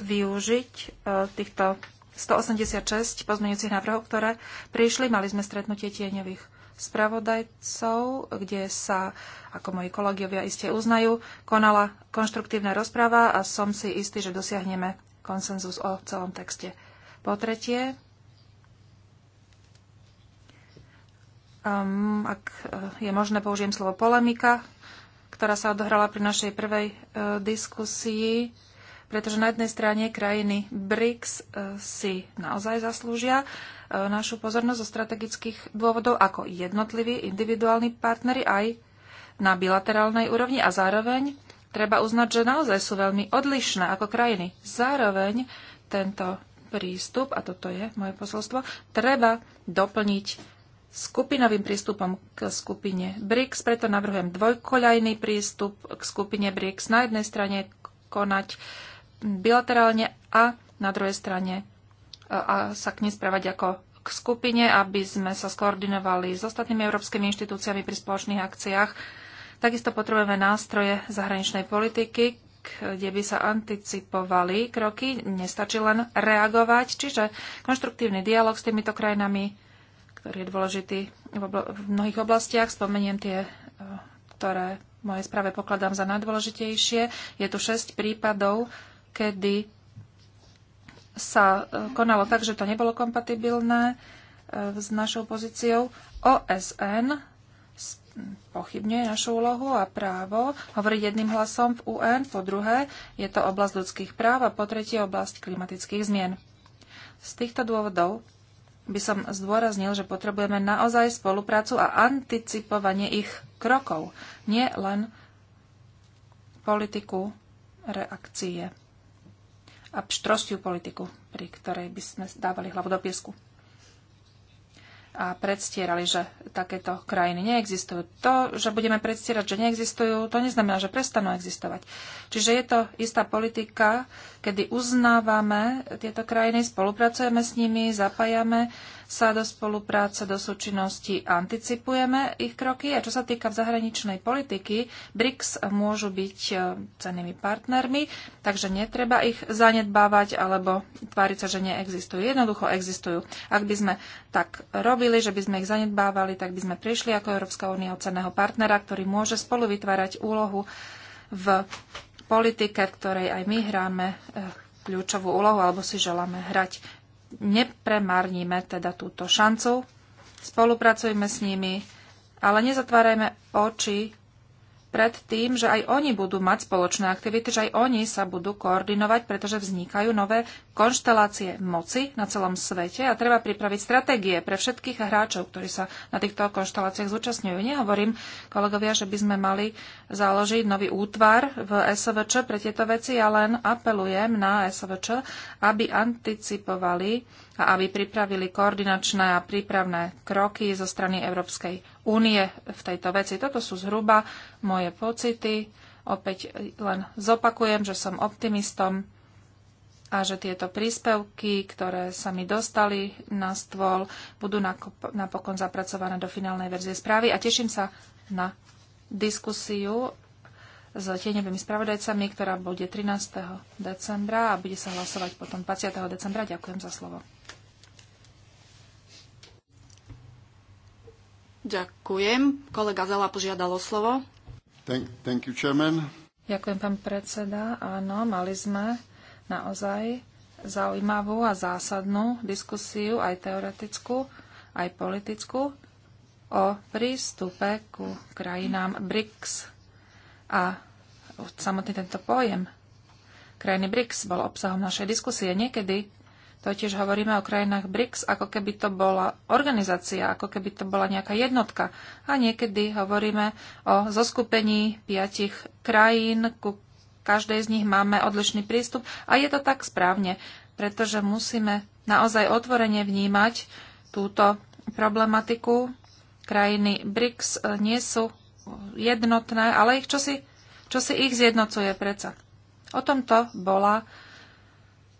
využiť e, týchto 186 pozmeňujúcich návrhov, ktoré prišli. Mali sme stretnutie tieňových spravodajcov, kde sa, ako moji kolegovia iste uznajú, konala konštruktívna rozpráva a som si istý, že dosiahneme konsenzus o celom texte. Po tretie, um, ak eh, je možné, použijem slovo polemika, ktorá sa odohrala pri našej prvej uh, diskusii pretože na jednej strane krajiny BRICS e, si naozaj zaslúžia e, našu pozornosť zo strategických dôvodov ako jednotliví individuálni partnery aj na bilaterálnej úrovni a zároveň treba uznať, že naozaj sú veľmi odlišné ako krajiny. Zároveň tento prístup, a toto je moje posolstvo, treba doplniť skupinovým prístupom k skupine BRICS, preto navrhujem dvojkoľajný prístup k skupine BRICS. Na jednej strane konať bilaterálne a na druhej strane e, a sa k nej správať ako k skupine, aby sme sa skoordinovali s ostatnými európskymi inštitúciami pri spoločných akciách. Takisto potrebujeme nástroje zahraničnej politiky, kde by sa anticipovali kroky. Nestačí len reagovať, čiže konštruktívny dialog s týmito krajinami, ktorý je dôležitý v mnohých oblastiach. Spomeniem tie, e, ktoré v mojej správe pokladám za najdôležitejšie. Je tu šesť prípadov kedy sa e, konalo tak, že to nebolo kompatibilné e, s našou pozíciou. OSN pochybňuje našu úlohu a právo hovoriť jedným hlasom v UN, po druhé je to oblasť ľudských práv a po tretie oblasť klimatických zmien. Z týchto dôvodov by som zdôraznil, že potrebujeme naozaj spoluprácu a anticipovanie ich krokov, nie len politiku reakcie a pštrostiu politiku, pri ktorej by sme dávali hlavu do piesku a predstierali, že takéto krajiny neexistujú. To, že budeme predstierať, že neexistujú, to neznamená, že prestanú existovať. Čiže je to istá politika, kedy uznávame tieto krajiny, spolupracujeme s nimi, zapájame sa do spolupráce, do súčinnosti anticipujeme ich kroky a čo sa týka v zahraničnej politiky, BRICS môžu byť e, cennými partnermi, takže netreba ich zanedbávať alebo tváriť sa, že neexistujú. Jednoducho existujú. Ak by sme tak robili, že by sme ich zanedbávali, tak by sme prišli ako Európska únia od cenného partnera, ktorý môže spolu vytvárať úlohu v politike, v ktorej aj my hráme e, kľúčovú úlohu alebo si želáme hrať nepremarníme teda túto šancu, spolupracujme s nimi, ale nezatvárajme oči pred tým, že aj oni budú mať spoločné aktivity, že aj oni sa budú koordinovať, pretože vznikajú nové konštelácie moci na celom svete a treba pripraviť stratégie pre všetkých hráčov, ktorí sa na týchto konšteláciách zúčastňujú. Nehovorím, kolegovia, že by sme mali založiť nový útvar v SVČ pre tieto veci, ja len apelujem na SVČ, aby anticipovali a aby pripravili koordinačné a prípravné kroky zo strany Európskej únie v tejto veci. Toto sú zhruba moje pocity. Opäť len zopakujem, že som optimistom a že tieto príspevky, ktoré sa mi dostali na stôl, budú napokon zapracované do finálnej verzie správy a teším sa na diskusiu s tieňovými spravodajcami, ktorá bude 13. decembra a bude sa hlasovať potom 20. decembra. Ďakujem za slovo. Ďakujem. Kolega Zela požiadalo slovo. Thank, thank you, chairman. Ďakujem, pán predseda. Áno, mali sme naozaj zaujímavú a zásadnú diskusiu, aj teoretickú, aj politickú, o prístupe ku krajinám BRICS. A samotný tento pojem krajiny BRICS bol obsahom našej diskusie. Niekedy Totiž hovoríme o krajinách BRICS, ako keby to bola organizácia, ako keby to bola nejaká jednotka. A niekedy hovoríme o zoskupení piatich krajín, ku každej z nich máme odlišný prístup a je to tak správne, pretože musíme naozaj otvorene vnímať túto problematiku. Krajiny BRICS e, nie sú jednotné, ale ich čosi, čosi ich zjednocuje predsa. O tomto bola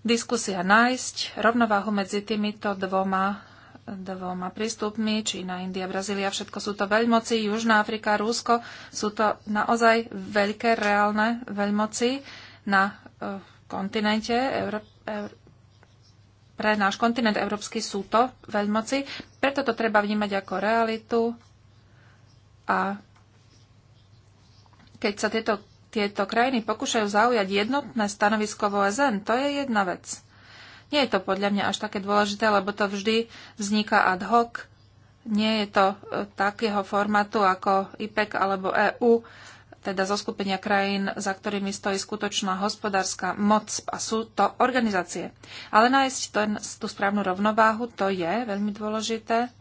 diskusia nájsť rovnováhu medzi týmito dvoma, dvoma prístupmi. Čína, India, Brazília, všetko sú to veľmoci. Južná Afrika, Rúsko sú to naozaj veľké, reálne veľmoci na e, kontinente. Euró- eur- pre náš kontinent európsky sú to veľmoci. Preto to treba vnímať ako realitu. A keď sa tieto tieto krajiny pokúšajú zaujať jednotné stanovisko v OSN, to je jedna vec. Nie je to podľa mňa až také dôležité, lebo to vždy vzniká ad hoc. Nie je to e, takého formátu ako IPEC alebo EU, teda zo skupenia krajín, za ktorými stojí skutočná hospodárska moc a sú to organizácie. Ale nájsť ten, tú správnu rovnováhu, to je veľmi dôležité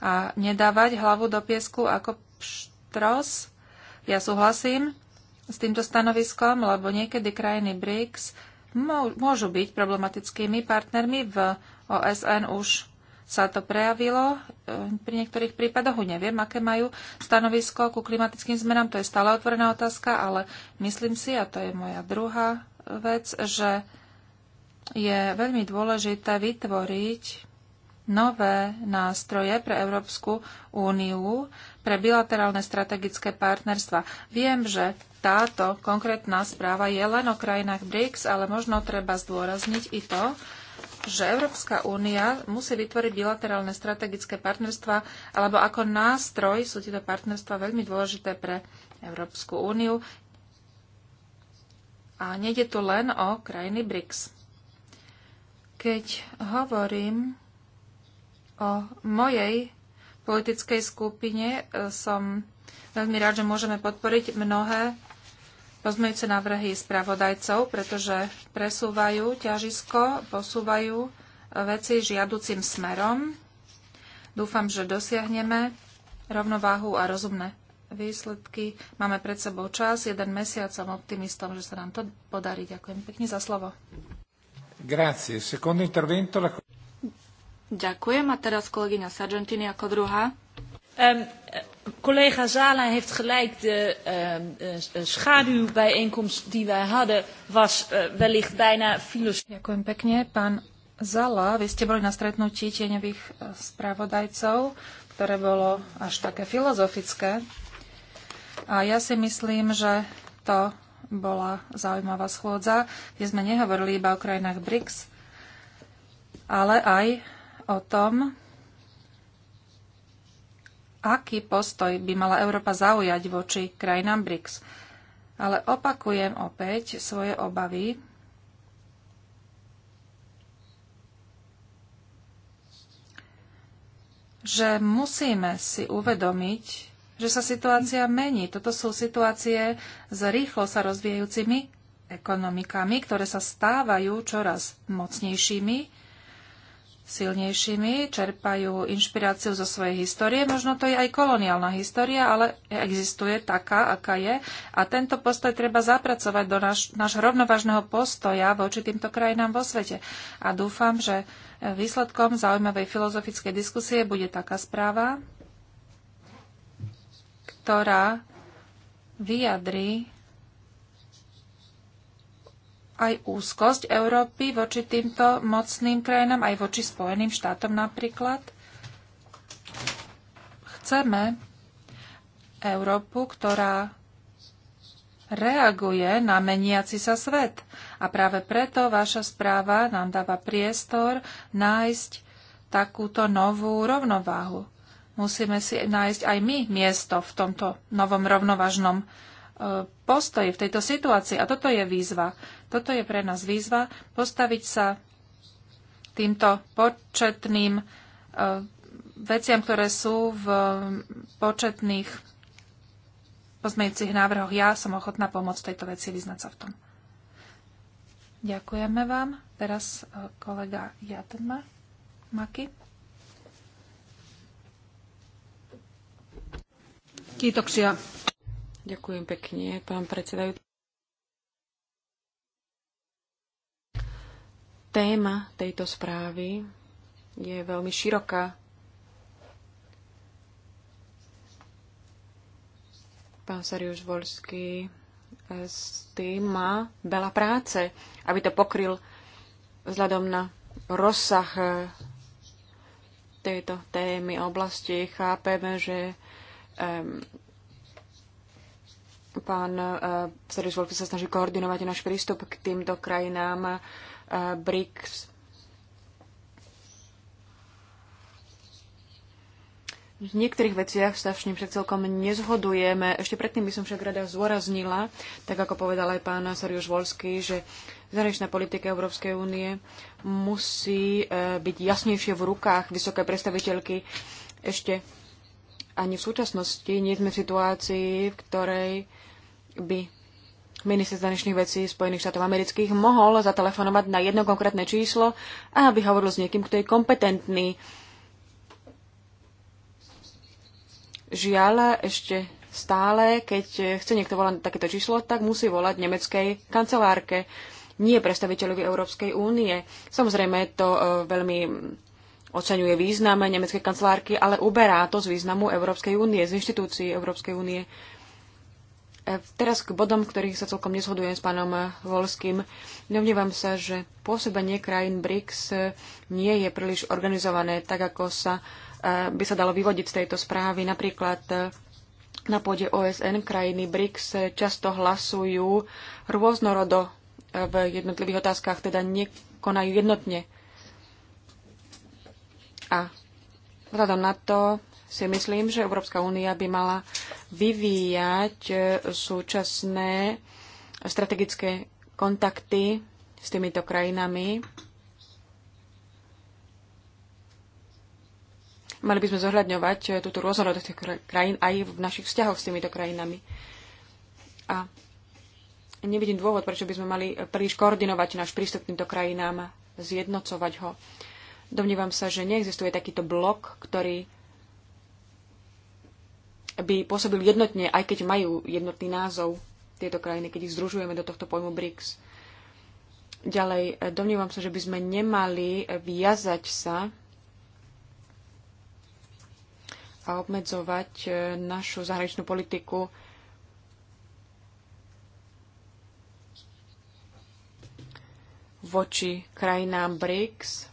a nedávať hlavu do piesku ako pštros. Ja súhlasím s týmto stanoviskom, lebo niekedy krajiny BRICS môžu byť problematickými partnermi v OSN už sa to prejavilo e, pri niektorých prípadoch. Neviem, aké majú stanovisko ku klimatickým zmenám, to je stále otvorená otázka, ale myslím si, a to je moja druhá vec, že je veľmi dôležité vytvoriť nové nástroje pre Európsku úniu, pre bilaterálne strategické partnerstva. Viem, že táto konkrétna správa je len o krajinách BRICS, ale možno treba zdôrazniť i to, že Európska únia musí vytvoriť bilaterálne strategické partnerstva, alebo ako nástroj sú tieto partnerstva veľmi dôležité pre Európsku úniu. A nejde tu len o krajiny BRICS. Keď hovorím o mojej politickej skupine, e, som veľmi rád, že môžeme podporiť mnohé pozmeňujúce návrhy spravodajcov, pretože presúvajú ťažisko, posúvajú e, veci žiaducim smerom. Dúfam, že dosiahneme rovnováhu a rozumné výsledky. Máme pred sebou čas, jeden mesiac. Som optimistom, že sa nám to podarí. Ďakujem pekne za slovo. Grazie. Secondo intervento la... Ďakujem. A teraz kolegyňa Sargentini ako druhá. Um, collega Zala heeft gelijk, de uh, schaduwbijeenkomst die wij hadden was uh, wellicht bijna filosofisch. Ďakujem pekne. Pán Zala, vy ste boli na stretnutí tieňových spravodajcov, ktoré bolo až také filozofické. A ja si myslím, že to bola zaujímavá schôdza, kde sme nehovorili iba o krajinách BRICS, ale aj o tom, aký postoj by mala Európa zaujať voči krajinám BRICS. Ale opakujem opäť svoje obavy, že musíme si uvedomiť, že sa situácia mení. Toto sú situácie s rýchlo sa rozvíjajúcimi ekonomikami, ktoré sa stávajú čoraz mocnejšími silnejšími, čerpajú inšpiráciu zo svojej histórie. Možno to je aj koloniálna história, ale existuje taká, aká je. A tento postoj treba zapracovať do náš, nášho rovnovážneho postoja voči týmto krajinám vo svete. A dúfam, že výsledkom zaujímavej filozofickej diskusie bude taká správa, ktorá vyjadri aj úzkosť Európy voči týmto mocným krajinám, aj voči Spojeným štátom napríklad. Chceme Európu, ktorá reaguje na meniaci sa svet. A práve preto vaša správa nám dáva priestor nájsť takúto novú rovnováhu. Musíme si nájsť aj my miesto v tomto novom rovnovážnom e, postoji, v tejto situácii. A toto je výzva. Toto je pre nás výzva postaviť sa týmto početným eh, veciam, ktoré sú v početných pozmejúcich návrhoch. Ja som ochotná pomôcť tejto veci vyznať sa v tom. Ďakujeme vám. Teraz eh, kolega Jatenma Maki. Kýtoksia. Ďakujem pekne, pán predsedajúci. Téma tejto správy je veľmi široká. Pán Sariuš Volský eh, s tým má veľa práce, aby to pokryl vzhľadom na rozsah eh, tejto témy oblasti. Chápeme, že um, pán uh, eh, Sariuš Volský sa snaží koordinovať náš prístup k týmto krajinám. Uh, BRICS. V niektorých veciach sa všim však celkom nezhodujeme. Ešte predtým by som však rada zdôraznila, tak ako povedal aj pán Sariuš Volský, že zahraničná politika Európskej únie musí e, byť jasnejšie v rukách vysoké predstaviteľky. Ešte ani v súčasnosti nie sme v situácii, v ktorej by minister zahraničných vecí Spojených štátov amerických mohol zatelefonovať na jedno konkrétne číslo a aby hovoril s niekým, kto je kompetentný. Žiaľ, ešte stále, keď chce niekto volať takéto číslo, tak musí volať nemeckej kancelárke, nie predstaviteľovi Európskej únie. Samozrejme, to e, veľmi oceňuje význam nemeckej kancelárky, ale uberá to z významu Európskej únie, z inštitúcií Európskej únie. Teraz k bodom, ktorých sa celkom neshodujem s pánom Volským. Domnievam sa, že pôsobenie krajín BRICS nie je príliš organizované tak, ako sa, e, by sa dalo vyvodiť z tejto správy. Napríklad e, na pôde OSN krajiny BRICS často hlasujú rôznorodo e, v jednotlivých otázkach, teda nekonajú jednotne. A vzhľadom na to si myslím, že Európska únia by mala vyvíjať e, súčasné strategické kontakty s týmito krajinami. Mali by sme zohľadňovať e, túto rôznorodosť krajín aj v našich vzťahoch s týmito krajinami. A nevidím dôvod, prečo by sme mali e, príliš koordinovať náš prístup k týmto krajinám, zjednocovať ho. Domnívam sa, že neexistuje takýto blok, ktorý by pôsobili jednotne, aj keď majú jednotný názov tieto krajiny, keď ich združujeme do tohto pojmu BRICS. Ďalej, e, domnívam sa, že by sme nemali viazať sa a obmedzovať e, našu zahraničnú politiku voči krajinám BRICS,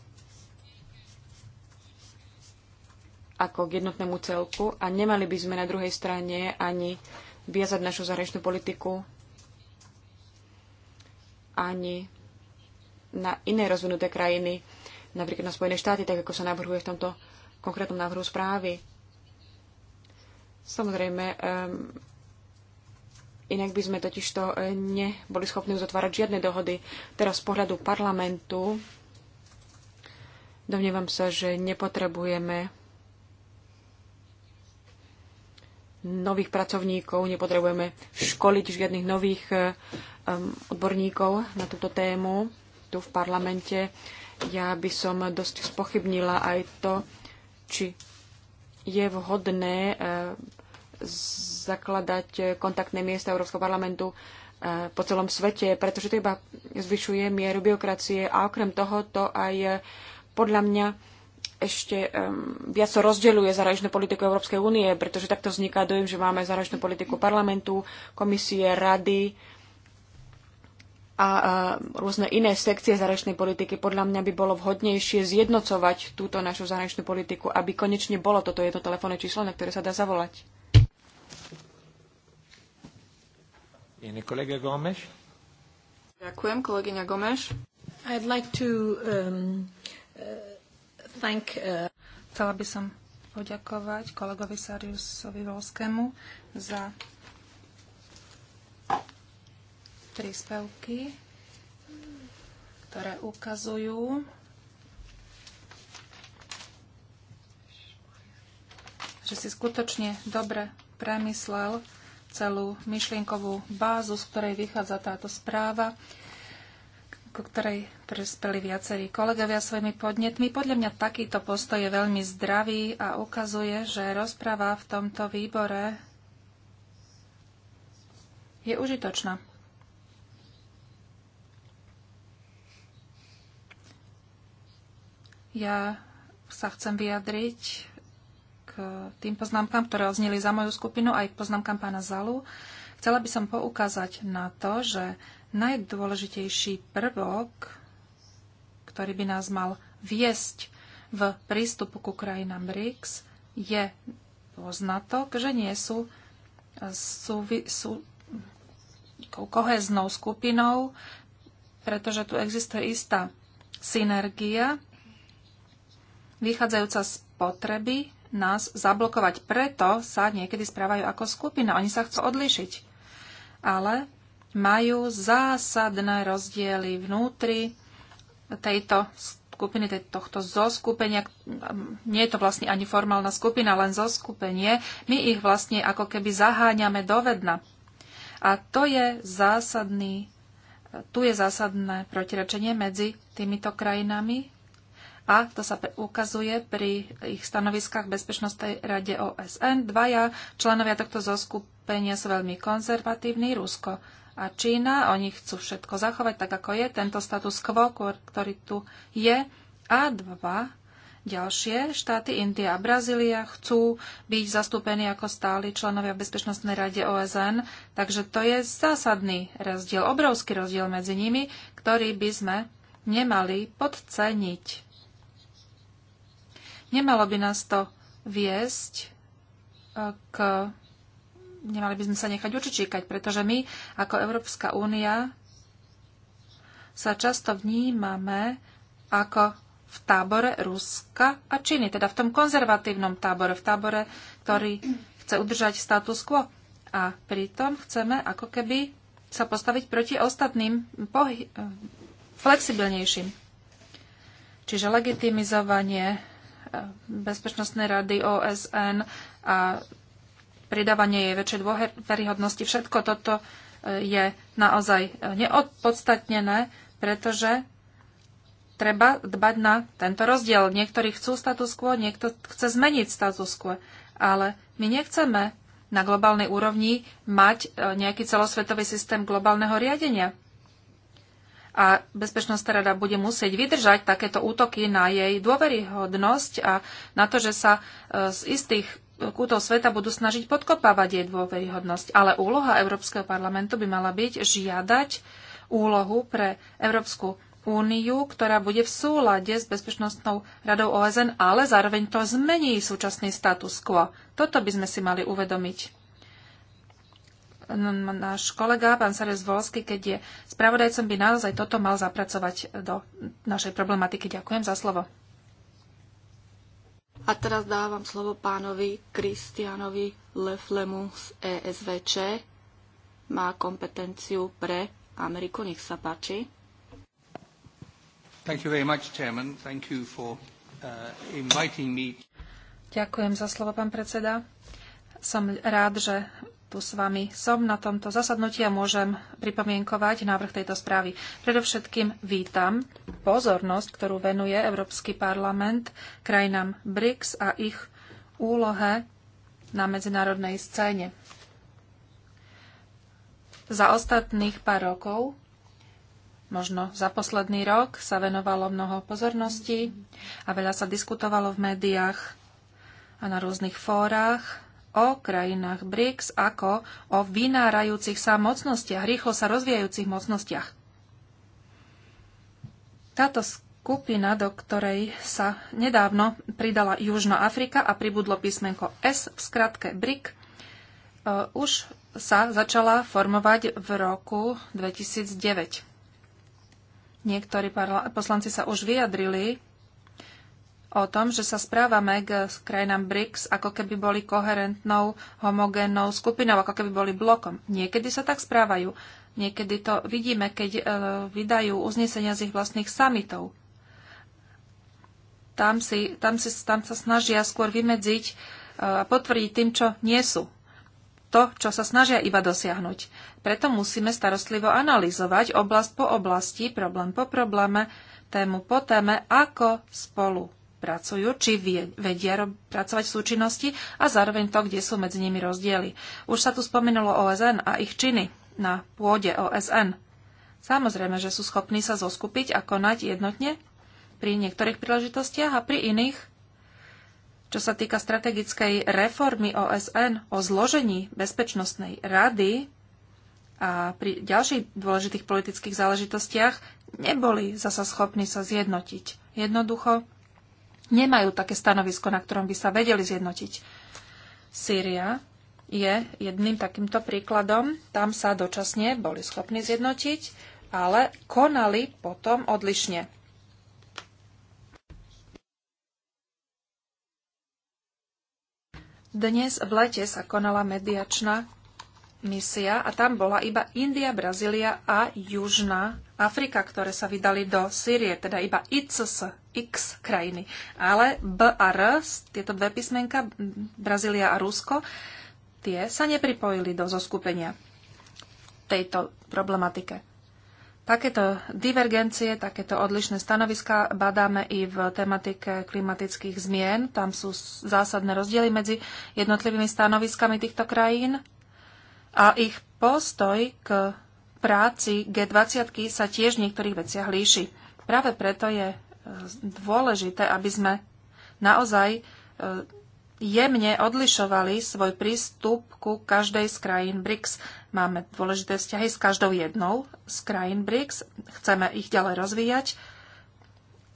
ako k jednotnému celku a nemali by sme na druhej strane ani viazať našu zahraničnú politiku ani na iné rozvinuté krajiny, napríklad na Spojené štáty, tak ako sa navrhuje v tomto konkrétnom návrhu správy. Samozrejme, um, inak by sme totižto eh, neboli schopní uzatvárať žiadne dohody. Teraz z pohľadu parlamentu domnievam sa, že nepotrebujeme nových pracovníkov, nepotrebujeme školiť žiadnych nových eh, odborníkov na túto tému tu v parlamente. Ja by som dosť spochybnila aj to, či je vhodné eh, zakladať kontaktné miesta Európskeho parlamentu eh, po celom svete, pretože to iba zvyšuje mieru byrokracie a okrem toho to aj podľa mňa ešte um, viac to rozdeľuje zahraničnú politiku Európskej únie, pretože takto vzniká dojem, že máme zahraničnú politiku parlamentu, komisie, rady a uh, rôzne iné sekcie zahraničnej politiky. Podľa mňa by bolo vhodnejšie zjednocovať túto našu zahraničnú politiku, aby konečne bolo toto jedno telefónne číslo, na ktoré sa dá zavolať. Iný kolega Gomeš. Ďakujem, kolegyňa Gomeš. I'd like to um, uh, thank, uh... Chcela by som poďakovať kolegovi Sariusovi Volskému za príspevky, ktoré ukazujú, že si skutočne dobre premyslel celú myšlienkovú bázu, z ktorej vychádza táto správa ku ktorej prispeli viacerí kolegovia svojimi podnetmi. Podľa mňa takýto postoj je veľmi zdravý a ukazuje, že rozprava v tomto výbore je užitočná. Ja sa chcem vyjadriť k tým poznámkam, ktoré odznili za moju skupinu, aj k poznámkam pána Zalu. Chcela by som poukázať na to, že najdôležitejší prvok, ktorý by nás mal viesť v prístupu ku krajinám BRICS, je poznatok, že nie sú, sú, sú koheznou skupinou, pretože tu existuje istá synergia, vychádzajúca z potreby nás zablokovať. Preto sa niekedy správajú ako skupina. Oni sa chcú odlišiť. Ale majú zásadné rozdiely vnútri tejto skupiny, tohto zoskupenia. Nie je to vlastne ani formálna skupina, len zoskupenie. My ich vlastne ako keby zaháňame do vedna. A to je zásadný, tu je zásadné protirečenie medzi týmito krajinami a to sa ukazuje pri ich stanoviskách Bezpečnostnej rade OSN. Dvaja členovia tohto zoskupenia sú veľmi konzervatívni, Rusko a Čína. Oni chcú všetko zachovať tak, ako je. Tento status quo, ktorý tu je. A dva ďalšie štáty, India a Brazília, chcú byť zastúpení ako stáli členovia Bezpečnostnej rade OSN. Takže to je zásadný rozdiel, obrovský rozdiel medzi nimi, ktorý by sme nemali podceniť. Nemalo by nás to viesť e, k nemali by sme sa nechať učičíkať, pretože my ako Európska únia sa často vnímame ako v tábore Ruska a Číny, teda v tom konzervatívnom tábore, v tábore, ktorý chce udržať status quo. A pritom chceme ako keby sa postaviť proti ostatným flexibilnejším. Čiže legitimizovanie e, Bezpečnostnej rady OSN a pridávanie jej väčšej dôveryhodnosti. Všetko toto e, je naozaj e, neodpodstatnené, pretože treba dbať na tento rozdiel. Niektorí chcú status quo, niekto chce zmeniť status quo. Ale my nechceme na globálnej úrovni mať e, nejaký celosvetový systém globálneho riadenia. A bezpečnostná rada bude musieť vydržať takéto útoky na jej dôveryhodnosť a na to, že sa z istých kútov sveta budú snažiť podkopávať jej dôveryhodnosť. Ale úloha Európskeho parlamentu by mala byť žiadať úlohu pre Európsku úniu, ktorá bude v súlade s Bezpečnostnou radou OSN, ale zároveň to zmení súčasný status quo. Toto by sme si mali uvedomiť. Náš kolega, pán Sarez Volsky, keď je spravodajcom, by naozaj toto mal zapracovať do našej problematiky. Ďakujem za slovo. A teraz dávam slovo pánovi Kristianovi Leflemu z ESVČ. Má kompetenciu pre Ameriku. Nech sa páči. Thank you very much, Chairman. Thank you for uh, inviting me. Ďakujem za slovo, pán predseda. Som rád, že tu s vami som na tomto zasadnutí a môžem pripomienkovať návrh tejto správy. Predovšetkým vítam pozornosť, ktorú venuje Európsky parlament krajinám BRICS a ich úlohe na medzinárodnej scéne. Za ostatných pár rokov, možno za posledný rok, sa venovalo mnoho pozornosti a veľa sa diskutovalo v médiách a na rôznych fórach o krajinách BRICS ako o vynárajúcich sa mocnostiach, rýchlo sa rozvíjajúcich mocnostiach. Táto skupina, do ktorej sa nedávno pridala Južná Afrika a pribudlo písmenko S v skratke BRIC, e, už sa začala formovať v roku 2009. Niektorí poslanci sa už vyjadrili o tom, že sa správame k krajinám BRICS, ako keby boli koherentnou, homogénnou skupinou, ako keby boli blokom. Niekedy sa tak správajú. Niekedy to vidíme, keď e, vydajú uznesenia z ich vlastných samitov. Tam, si, tam, si, tam sa snažia skôr vymedziť e, a e, potvrdiť tým, čo nie sú to, čo sa snažia iba dosiahnuť. Preto musíme starostlivo analyzovať oblasť po oblasti, problém po probléme, tému po téme, ako spolu pracujú, či vedia pracovať v súčinnosti a zároveň to, kde sú medzi nimi rozdiely. Už sa tu spomenulo OSN a ich činy na pôde OSN. Samozrejme, že sú schopní sa zoskupiť a konať jednotne pri niektorých príležitostiach a pri iných, čo sa týka strategickej reformy OSN o zložení Bezpečnostnej rady a pri ďalších dôležitých politických záležitostiach neboli zasa schopní sa zjednotiť. Jednoducho nemajú také stanovisko, na ktorom by sa vedeli zjednotiť. Sýria je jedným takýmto príkladom. Tam sa dočasne boli schopní zjednotiť, ale konali potom odlišne. Dnes v lete sa konala mediačná misia a tam bola iba India, Brazília a Južná Afrika, ktoré sa vydali do Sýrie, teda iba ICS, X krajiny. Ale B a R, tieto dve písmenka, Brazília a Rusko, tie sa nepripojili do zoskupenia tejto problematike. Takéto divergencie, takéto odlišné stanoviska badáme i v tematike klimatických zmien. Tam sú zásadné rozdiely medzi jednotlivými stanoviskami týchto krajín a ich postoj k práci G20 sa tiež v niektorých veciach líši. Práve preto je e, dôležité, aby sme naozaj e, jemne odlišovali svoj prístup ku každej z krajín BRICS. Máme dôležité vzťahy s každou jednou z krajín BRICS, chceme ich ďalej rozvíjať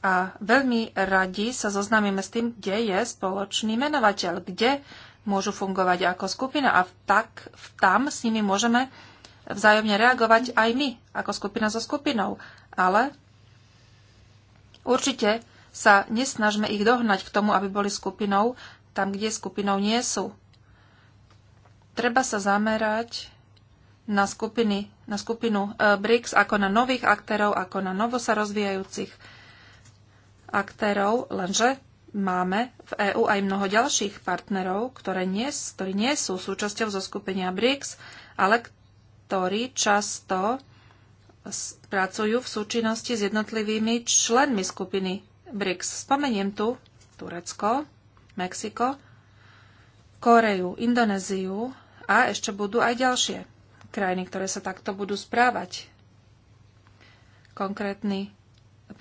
a veľmi radi sa zoznámime s tým, kde je spoločný menovateľ, kde môžu fungovať ako skupina a tak, tam s nimi môžeme vzájomne reagovať aj my, ako skupina so skupinou. Ale určite sa nesnažme ich dohnať k tomu, aby boli skupinou tam, kde skupinou nie sú. Treba sa zamerať na, skupiny, na skupinu e, BRICS ako na nových aktérov, ako na novo sa rozvíjajúcich aktérov, lenže máme v EÚ aj mnoho ďalších partnerov, ktoré nie, ktorí nie sú súčasťou zo skupenia BRICS, ale ktorí často pracujú v súčinnosti s jednotlivými členmi skupiny BRICS. Spomeniem tu Turecko, Mexiko, Koreju, Indonéziu a ešte budú aj ďalšie krajiny, ktoré sa takto budú správať. Konkrétny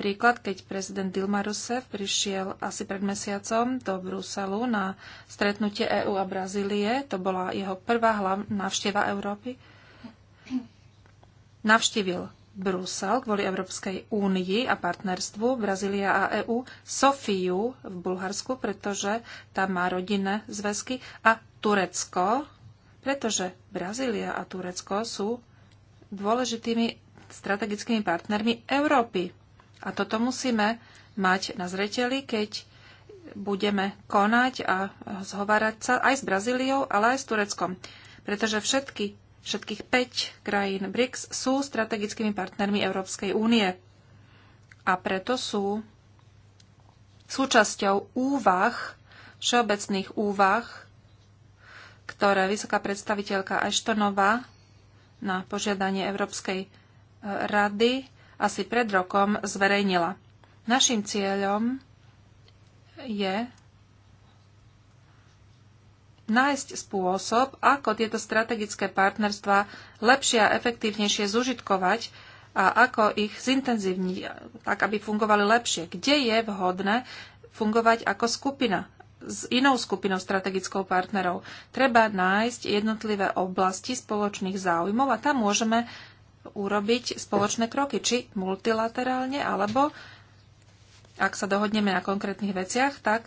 príklad, keď prezident Dilma Rousseff prišiel asi pred mesiacom do Bruselu na stretnutie EÚ a Brazílie, to bola jeho prvá hlavná návšteva Európy, navštívil Brusel kvôli Európskej únii a partnerstvu Brazília a EÚ, Sofiu v Bulharsku, pretože tam má rodinné zväzky, a Turecko, pretože Brazília a Turecko sú dôležitými strategickými partnermi Európy. A toto musíme mať na zreteli, keď budeme konať a zhovárať sa aj s Brazíliou, ale aj s Tureckom. Pretože všetky Všetkých 5 krajín BRICS sú strategickými partnermi Európskej únie a preto sú súčasťou úvah, všeobecných úvah, ktoré vysoká predstaviteľka Eštonova na požiadanie Európskej e, rady asi pred rokom zverejnila. Našim cieľom je nájsť spôsob, ako tieto strategické partnerstva lepšie a efektívnejšie zužitkovať a ako ich zintenzívniť, tak aby fungovali lepšie. Kde je vhodné fungovať ako skupina s inou skupinou strategickou partnerov. Treba nájsť jednotlivé oblasti spoločných záujmov a tam môžeme urobiť spoločné kroky, či multilaterálne, alebo ak sa dohodneme na konkrétnych veciach, tak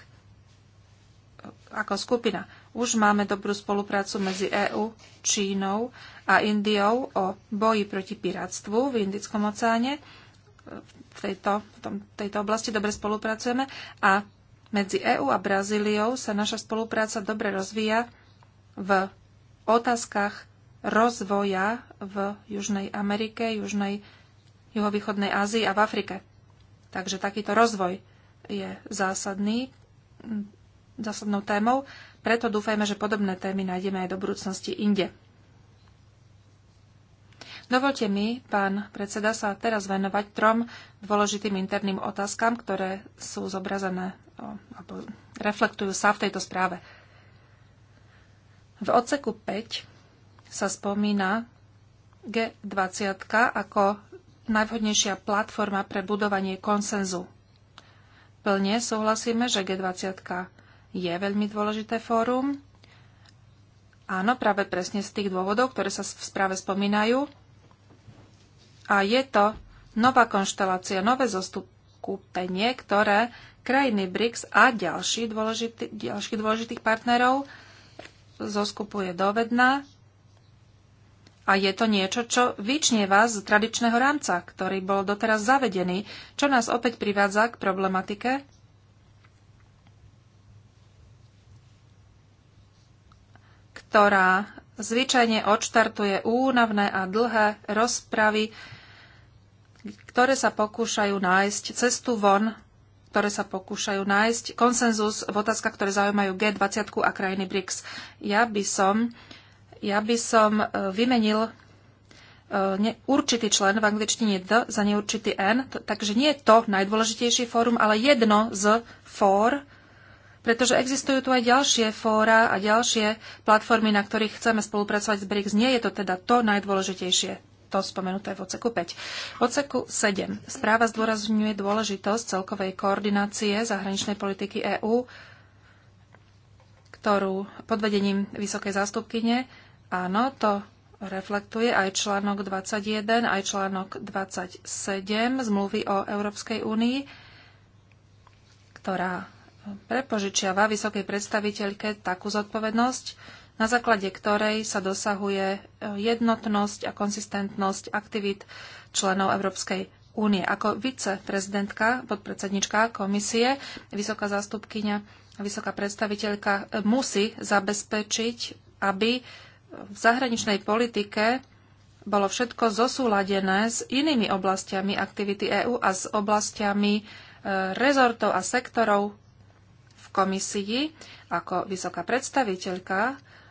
ako skupina. Už máme dobrú spoluprácu medzi EÚ, Čínou a Indiou o boji proti pirátstvu v Indickom oceáne. V tejto, v tom, tejto oblasti dobre spolupracujeme a medzi EÚ a Brazíliou sa naša spolupráca dobre rozvíja v otázkach rozvoja v Južnej Amerike, Južnej, Juhovýchodnej Ázii a v Afrike. Takže takýto rozvoj je zásadný, zásadnou témou preto dúfajme, že podobné témy nájdeme aj do budúcnosti inde. Dovolte mi, pán predseda, sa teraz venovať trom dôležitým interným otázkam, ktoré sú zobrazené alebo reflektujú sa v tejto správe. V odseku 5 sa spomína G20 ako najvhodnejšia platforma pre budovanie konsenzu. Plne súhlasíme, že G20 je veľmi dôležité fórum. Áno, práve presne z tých dôvodov, ktoré sa v správe spomínajú. A je to nová konštelácia, nové zostupenie, ktoré krajiny BRICS a ďalší dôležitý, ďalších dôležitých partnerov zoskupuje dovedná a je to niečo, čo vás, z tradičného rámca, ktorý bol doteraz zavedený, čo nás opäť privádza k problematike ktorá zvyčajne odštartuje únavné a dlhé rozpravy, ktoré sa pokúšajú nájsť cestu von, ktoré sa pokúšajú nájsť konsenzus v otázkach, ktoré zaujímajú G20 a krajiny BRICS. Ja by som, ja by som e, vymenil e, určitý člen v angličtine D za neurčitý n, takže nie je to najdôležitejší fórum, ale jedno z fór, pretože existujú tu aj ďalšie fóra a ďalšie platformy, na ktorých chceme spolupracovať s BRICS. Nie je to teda to najdôležitejšie, to spomenuté v odseku 5. V odseku 7 správa zdôrazňuje dôležitosť celkovej koordinácie zahraničnej politiky EÚ, ktorú pod vedením vysokej zástupkyne, áno, to reflektuje aj článok 21, aj článok 27 zmluvy o Európskej únii, ktorá prepožičiava vysokej predstaviteľke takú zodpovednosť, na základe ktorej sa dosahuje e, jednotnosť a konsistentnosť aktivít členov Európskej únie. Ako viceprezidentka, podpredsednička komisie, vysoká zástupkynia a vysoká predstaviteľka e, musí zabezpečiť, aby v zahraničnej politike bolo všetko zosúladené s inými oblastiami aktivity EÚ a s oblastiami e, rezortov a sektorov komisii ako vysoká predstaviteľka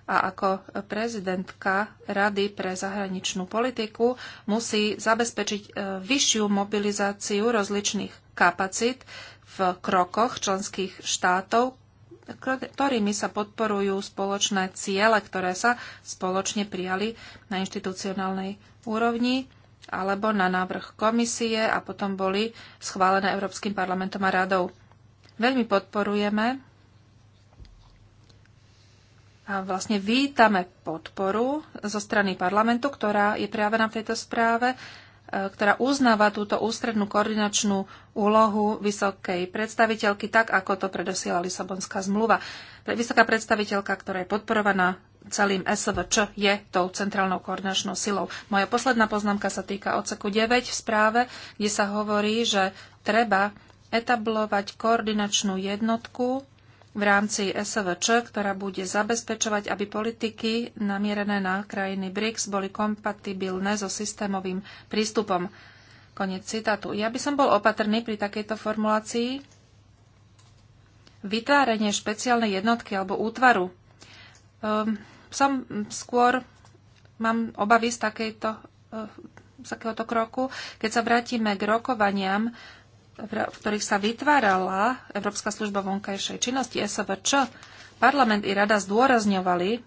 a ako prezidentka Rady pre zahraničnú politiku musí zabezpečiť e, vyššiu mobilizáciu rozličných kapacít v krokoch členských štátov, ktorými sa podporujú spoločné ciele, ktoré sa spoločne prijali na inštitucionálnej úrovni alebo na návrh komisie a potom boli schválené Európskym parlamentom a radou veľmi podporujeme a vlastne vítame podporu zo strany parlamentu, ktorá je prejavená v tejto správe, e, ktorá uznáva túto ústrednú koordinačnú úlohu vysokej predstaviteľky, tak ako to predosiela Lisabonská zmluva. Vysoká predstaviteľka, ktorá je podporovaná celým SVČ, je tou centrálnou koordinačnou silou. Moja posledná poznámka sa týka odseku 9 v správe, kde sa hovorí, že treba etablovať koordinačnú jednotku v rámci SVČ, ktorá bude zabezpečovať, aby politiky namierené na krajiny BRICS boli kompatibilné so systémovým prístupom. Konec citátu. Ja by som bol opatrný pri takejto formulácii. Vytvárenie špeciálnej jednotky alebo útvaru. Um, som skôr, mám obavy z takejto uh, z takéhoto kroku. Keď sa vrátime k rokovaniam v ktorých sa vytvárala Európska služba vonkajšej činnosti SVČ, parlament i rada zdôrazňovali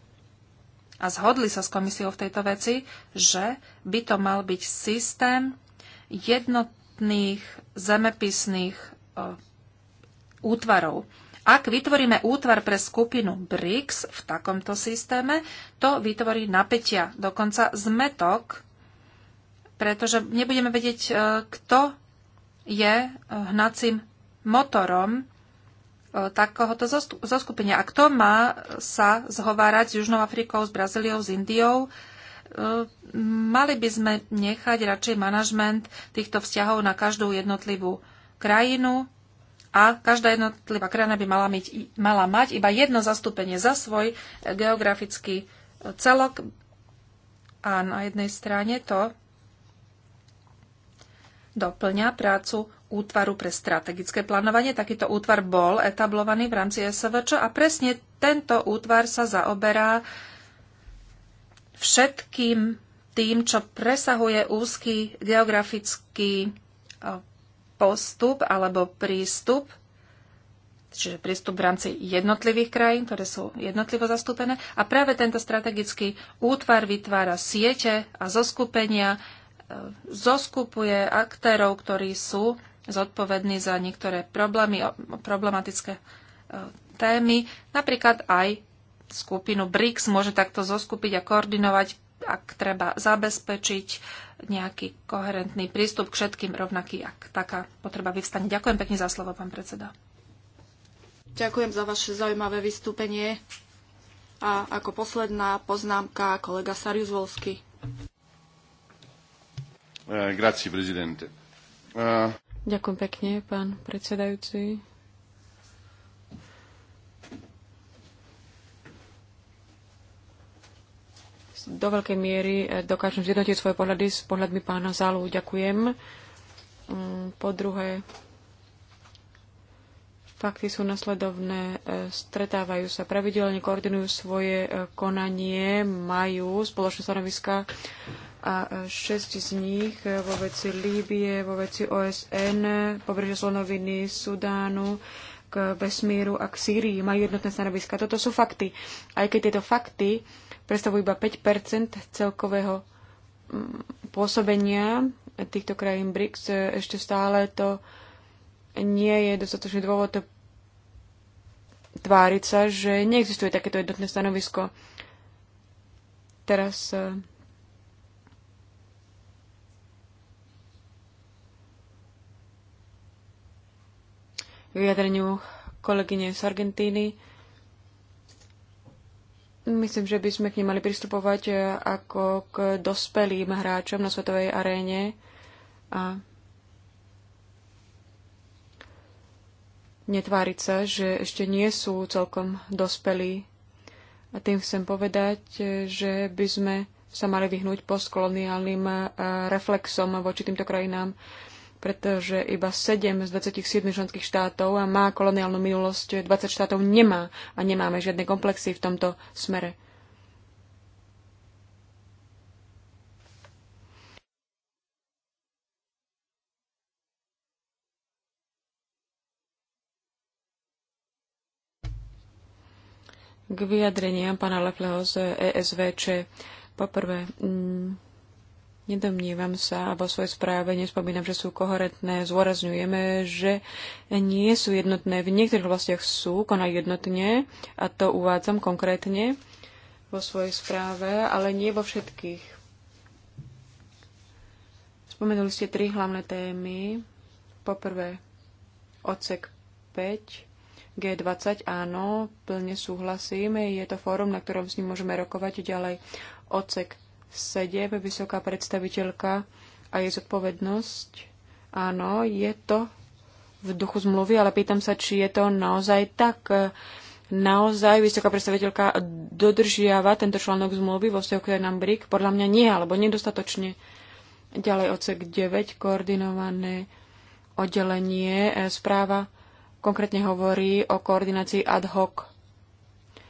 a zhodli sa s komisiou v tejto veci, že by to mal byť systém jednotných zemepisných e, útvarov. Ak vytvoríme útvar pre skupinu BRICS v takomto systéme, to vytvorí napätia, dokonca zmetok, pretože nebudeme vedieť, e, kto je eh, hnacím motorom eh, takéhoto zoskupenia. A kto má eh, sa zhovárať s Južnou Afrikou, s Brazíliou, s Indiou? Mali by sme nechať radšej manažment týchto vzťahov na každú jednotlivú krajinu a každá jednotlivá krajina by mala, myť, mala mať iba jedno zastúpenie za svoj geografický celok. A na jednej strane to doplňa prácu útvaru pre strategické plánovanie. Takýto útvar bol etablovaný v rámci SVČ a presne tento útvar sa zaoberá všetkým tým, čo presahuje úzky geografický e, postup alebo prístup čiže prístup v rámci jednotlivých krajín, ktoré sú jednotlivo zastúpené. A práve tento strategický útvar vytvára siete a zoskupenia zoskupuje aktérov, ktorí sú zodpovední za niektoré problémy, problematické e, témy. Napríklad aj skupinu BRICS môže takto zoskupiť a koordinovať, ak treba zabezpečiť nejaký koherentný prístup k všetkým rovnaký, ak taká potreba vyvstane. Ďakujem pekne za slovo, pán predseda. Ďakujem za vaše zaujímavé vystúpenie. A ako posledná poznámka kolega Sarius Volsky. Eh, grazie, eh, Ďakujem pekne, pán predsedajúci. do veľkej miery eh, dokážem zjednotiť svoje pohľady s pohľadmi pána Zálu. Ďakujem. Mm, po druhé, fakty sú nasledovné. Stretávajú sa pravidelne, koordinujú svoje konanie, majú spoločné stanoviska a e, šesť z nich e, vo veci Líbie, vo veci OSN, pobrežia Slonoviny, Sudánu, k vesmíru a k Sýrii majú jednotné stanoviska. Toto sú fakty. Aj keď tieto fakty predstavujú iba 5 celkového mm, pôsobenia týchto krajín BRICS, e, ešte stále to nie je dostatočný dôvod tváriť sa, že neexistuje takéto jednotné stanovisko. Teraz vyjadreniu kolegyne z Argentíny. Myslím, že by sme k nim mali pristupovať eh, ako k dospelým hráčom na svetovej aréne a netváriť sa, že ešte nie sú celkom dospelí. A tým chcem povedať, eh, že by sme sa mali vyhnúť postkoloniálnym eh, reflexom voči týmto krajinám pretože iba 7 z 27 členských štátov má koloniálnu minulosť, 20 štátov nemá a nemáme žiadne komplexy v tomto smere. K vyjadreniam pána Lefleho z ESVČ. Poprvé, mm, Nedomnívam sa, a vo svojej správe nespomínam, že sú koherentné, zôrazňujeme, že nie sú jednotné. V niektorých vlastiach sú, konajú jednotne, a to uvádzam konkrétne vo svojej správe, ale nie vo všetkých. Spomenuli ste tri hlavné témy. Poprvé, odsek 5, G20, áno, plne súhlasíme, je to fórum, na ktorom s ním môžeme rokovať ďalej. Odsek sedeb, vysoká predstaviteľka a jej zodpovednosť. Áno, je to v duchu zmluvy, ale pýtam sa, či je to naozaj tak. Naozaj vysoká predstaviteľka dodržiava tento článok zmluvy vo vzťahu k nám BRIC? Podľa mňa nie, alebo nedostatočne. Ďalej odsek 9, koordinované oddelenie. E, správa konkrétne hovorí o koordinácii ad hoc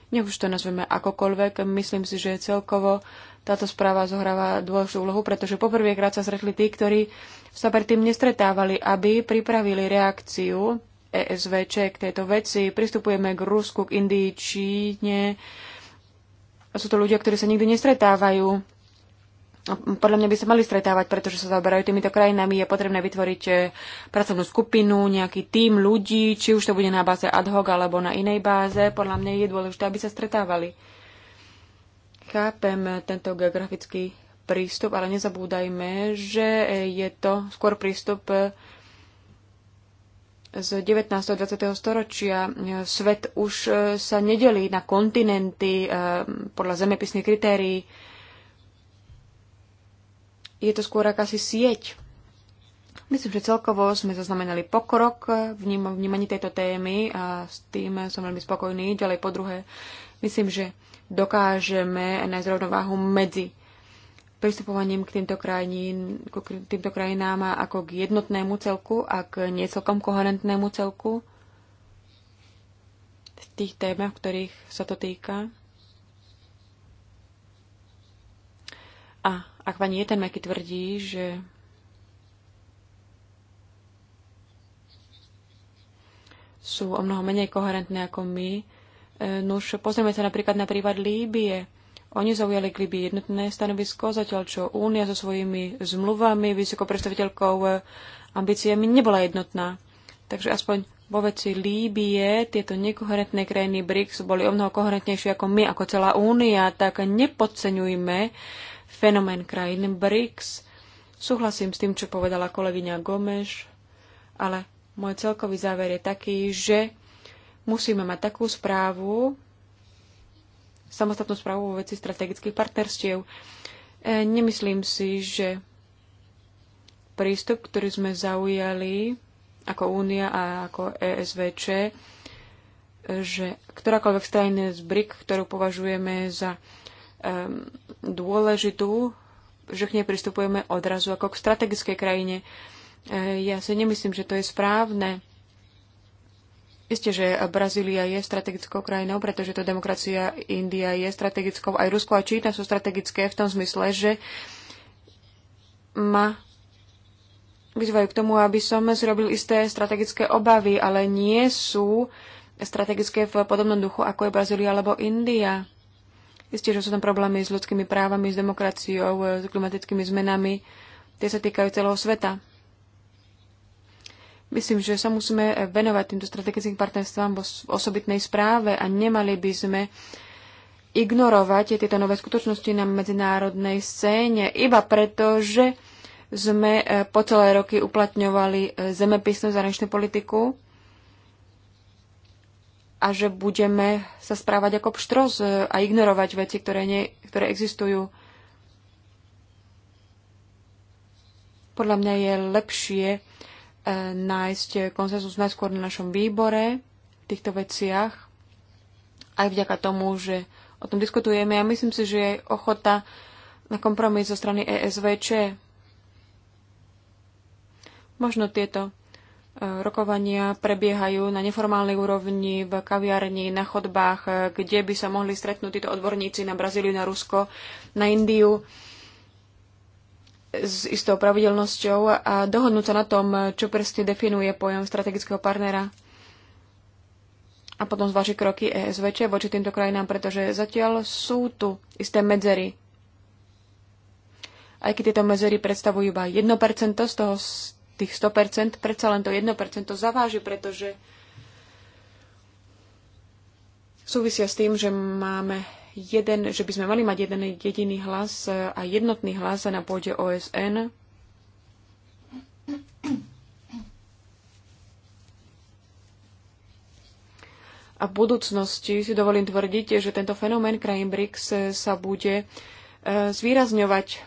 nech už to nazveme akokoľvek, myslím si, že celkovo táto správa zohráva dôležitú úlohu, pretože poprvýkrát sa zretli tí, ktorí sa predtým nestretávali, aby pripravili reakciu ESVČ k tejto veci. Pristupujeme k Rusku, k Indii, Číne. Sú to ľudia, ktorí sa nikdy nestretávajú. Podľa mňa by sa mali stretávať, pretože sa zaoberajú týmito krajinami. Je potrebné vytvoriť e, pracovnú skupinu, nejaký tím ľudí, či už to bude na báze ad hoc alebo na inej báze. Podľa mňa je dôležité, aby sa stretávali. Chápem tento geografický prístup, ale nezabúdajme, že je to skôr prístup eh, z 19. a 20. storočia. Svet už eh, sa nedelí na kontinenty eh, podľa zemepisných kritérií. Je to skôr akási sieť. Myslím, že celkovo sme zaznamenali pokrok v vnímaní tejto témy a s tým som veľmi spokojný. Ďalej po druhé, myslím, že dokážeme nájsť rovnováhu medzi pristupovaním k týmto, krajín, k týmto krajinám ako k jednotnému celku a k niecelkom koherentnému celku v tých témach, ktorých sa to týka. A ak pani Jetenmeky tvrdí, že sú o mnoho menej koherentné ako my, E, nuž, pozrieme sa napríklad na prípad Líbie. Oni zaujali k Líbii jednotné stanovisko, zatiaľ čo Únia so svojimi zmluvami, vysokou predstaviteľkou, e, ambíciami nebola jednotná. Takže aspoň vo veci Líbie tieto nekoherentné krajiny BRICS boli o mnoho koherentnejšie ako my, ako celá Únia, tak nepodceňujme fenomén krajín BRICS. Súhlasím s tým, čo povedala kolegyňa Gomeš, ale môj celkový záver je taký, že Musíme mať takú správu, samostatnú správu vo veci strategických partnerstiev. E, nemyslím si, že prístup, ktorý sme zaujali ako Únia a ako ESVČ, e, že ktorákoľvek z z BRIC, ktorú považujeme za um, dôležitú, že k nej pristupujeme odrazu ako k strategickej krajine. E, ja si nemyslím, že to je správne. Isté, že Brazília je strategickou krajinou, pretože to demokracia India je strategickou, aj Rusko a Čína sú strategické v tom zmysle, že ma vyzvajú k tomu, aby som zrobil isté strategické obavy, ale nie sú strategické v podobnom duchu, ako je Brazília alebo India. Isté, že sú tam problémy s ľudskými právami, s demokraciou, s klimatickými zmenami. Tie sa týkajú celého sveta. Myslím, že sa musíme venovať týmto strategickým partnerstvám vo osobitnej správe a nemali by sme ignorovať tieto nové skutočnosti na medzinárodnej scéne iba preto, že sme e, po celé roky uplatňovali e, zemepisnú zahraničnú politiku a že budeme sa správať ako pštros e, a ignorovať veci, ktoré, nie, ktoré existujú. Podľa mňa je lepšie E, nájsť konsenzus najskôr na našom výbore v týchto veciach, aj vďaka tomu, že o tom diskutujeme a ja myslím si, že je ochota na kompromis zo strany ESVČ. Možno tieto e, rokovania prebiehajú na neformálnej úrovni, v kaviarni, na chodbách, e, kde by sa mohli stretnúť títo odborníci na Brazíliu, na Rusko, na Indiu s istou pravidelnosťou a dohodnúť sa na tom, čo presne definuje pojem strategického partnera a potom zvážiť kroky ESVČ voči týmto krajinám, pretože zatiaľ sú tu isté medzery. Aj keď tieto medzery predstavujú iba 1% z toho z tých 100%, predsa len to 1% zaváži, pretože súvisia s tým, že máme jeden, že by sme mali mať jeden jediný hlas e, a jednotný hlas na pôde OSN. A v budúcnosti si dovolím tvrdiť, že tento fenomén krajín BRICS e, sa bude e, zvýrazňovať.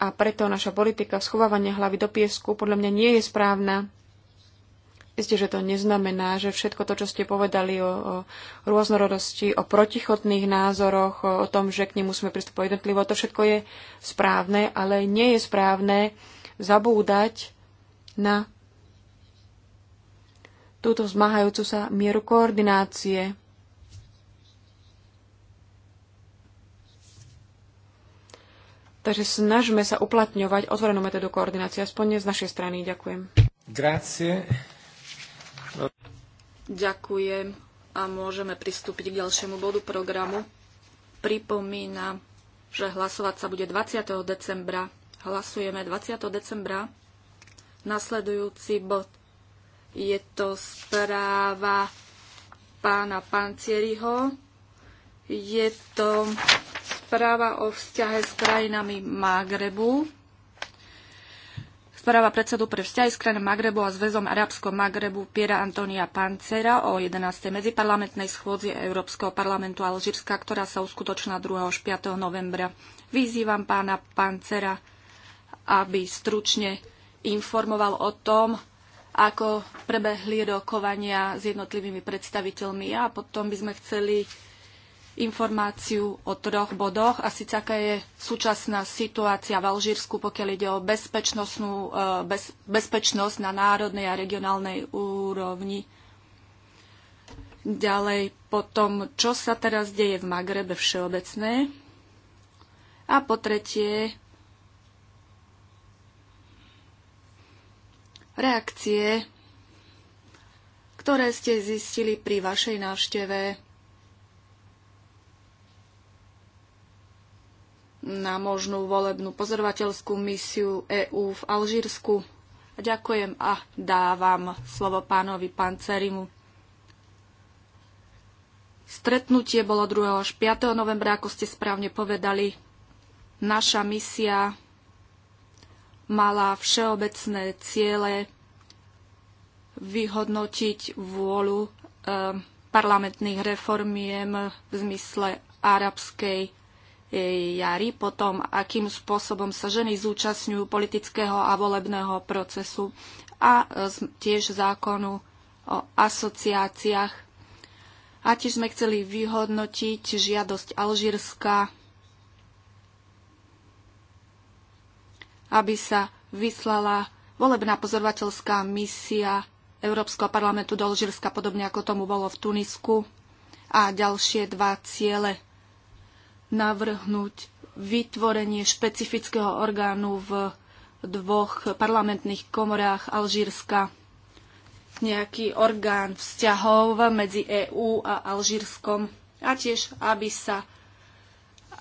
A preto naša politika schovávania hlavy do piesku podľa mňa nie je správna. Isté, že to neznamená, že všetko to, čo ste povedali o, o rôznorodosti, o protichodných názoroch, o, o tom, že k nim musíme pristupovať jednotlivo, to všetko je správne, ale nie je správne zabúdať na túto zmáhajúcu sa mieru koordinácie. Takže snažme sa uplatňovať otvorenú metódu koordinácie, aspoň z našej strany. Ďakujem. Grazie. Ďakujem a môžeme pristúpiť k ďalšiemu bodu programu. Pripomínam, že hlasovať sa bude 20. decembra. Hlasujeme 20. decembra. Nasledujúci bod je to správa pána Pancieriho. Je to správa o vzťahe s krajinami Magrebu. Správa predsedu pre vzťahy s krajinou Magrebu a Zväzom arabskom Magrebu Piera Antonia Pancera o 11. medziparlamentnej schôdzi Európskeho parlamentu Alžírska, ktorá sa uskutočná 2. až 5. novembra. Vyzývam pána Pancera, aby stručne informoval o tom, ako prebehli rokovania s jednotlivými predstaviteľmi a potom by sme chceli informáciu o troch bodoch a síce aká je súčasná situácia v Alžírsku, pokiaľ ide o bezpečnostnú, e, bez, bezpečnosť na národnej a regionálnej úrovni. Ďalej potom, čo sa teraz deje v Magrebe všeobecné. A po tretie, reakcie, ktoré ste zistili pri vašej návšteve na možnú volebnú pozorovateľskú misiu EÚ v Alžírsku. Ďakujem a dávam slovo pánovi Pancerimu. Stretnutie bolo 2. až 5. novembra, ako ste správne povedali. Naša misia mala všeobecné ciele vyhodnotiť vôľu eh, parlamentných reformiem v zmysle arabskej E, jari, potom akým spôsobom sa ženy zúčastňujú politického a volebného procesu a e, tiež zákonu o asociáciách. A tiež sme chceli vyhodnotiť žiadosť Alžírska, aby sa vyslala volebná pozorovateľská misia Európskeho parlamentu do Alžírska, podobne ako tomu bolo v Tunisku. A ďalšie dva ciele navrhnúť vytvorenie špecifického orgánu v dvoch parlamentných komorách Alžírska. Nejaký orgán vzťahov medzi EÚ a Alžírskom a tiež, aby sa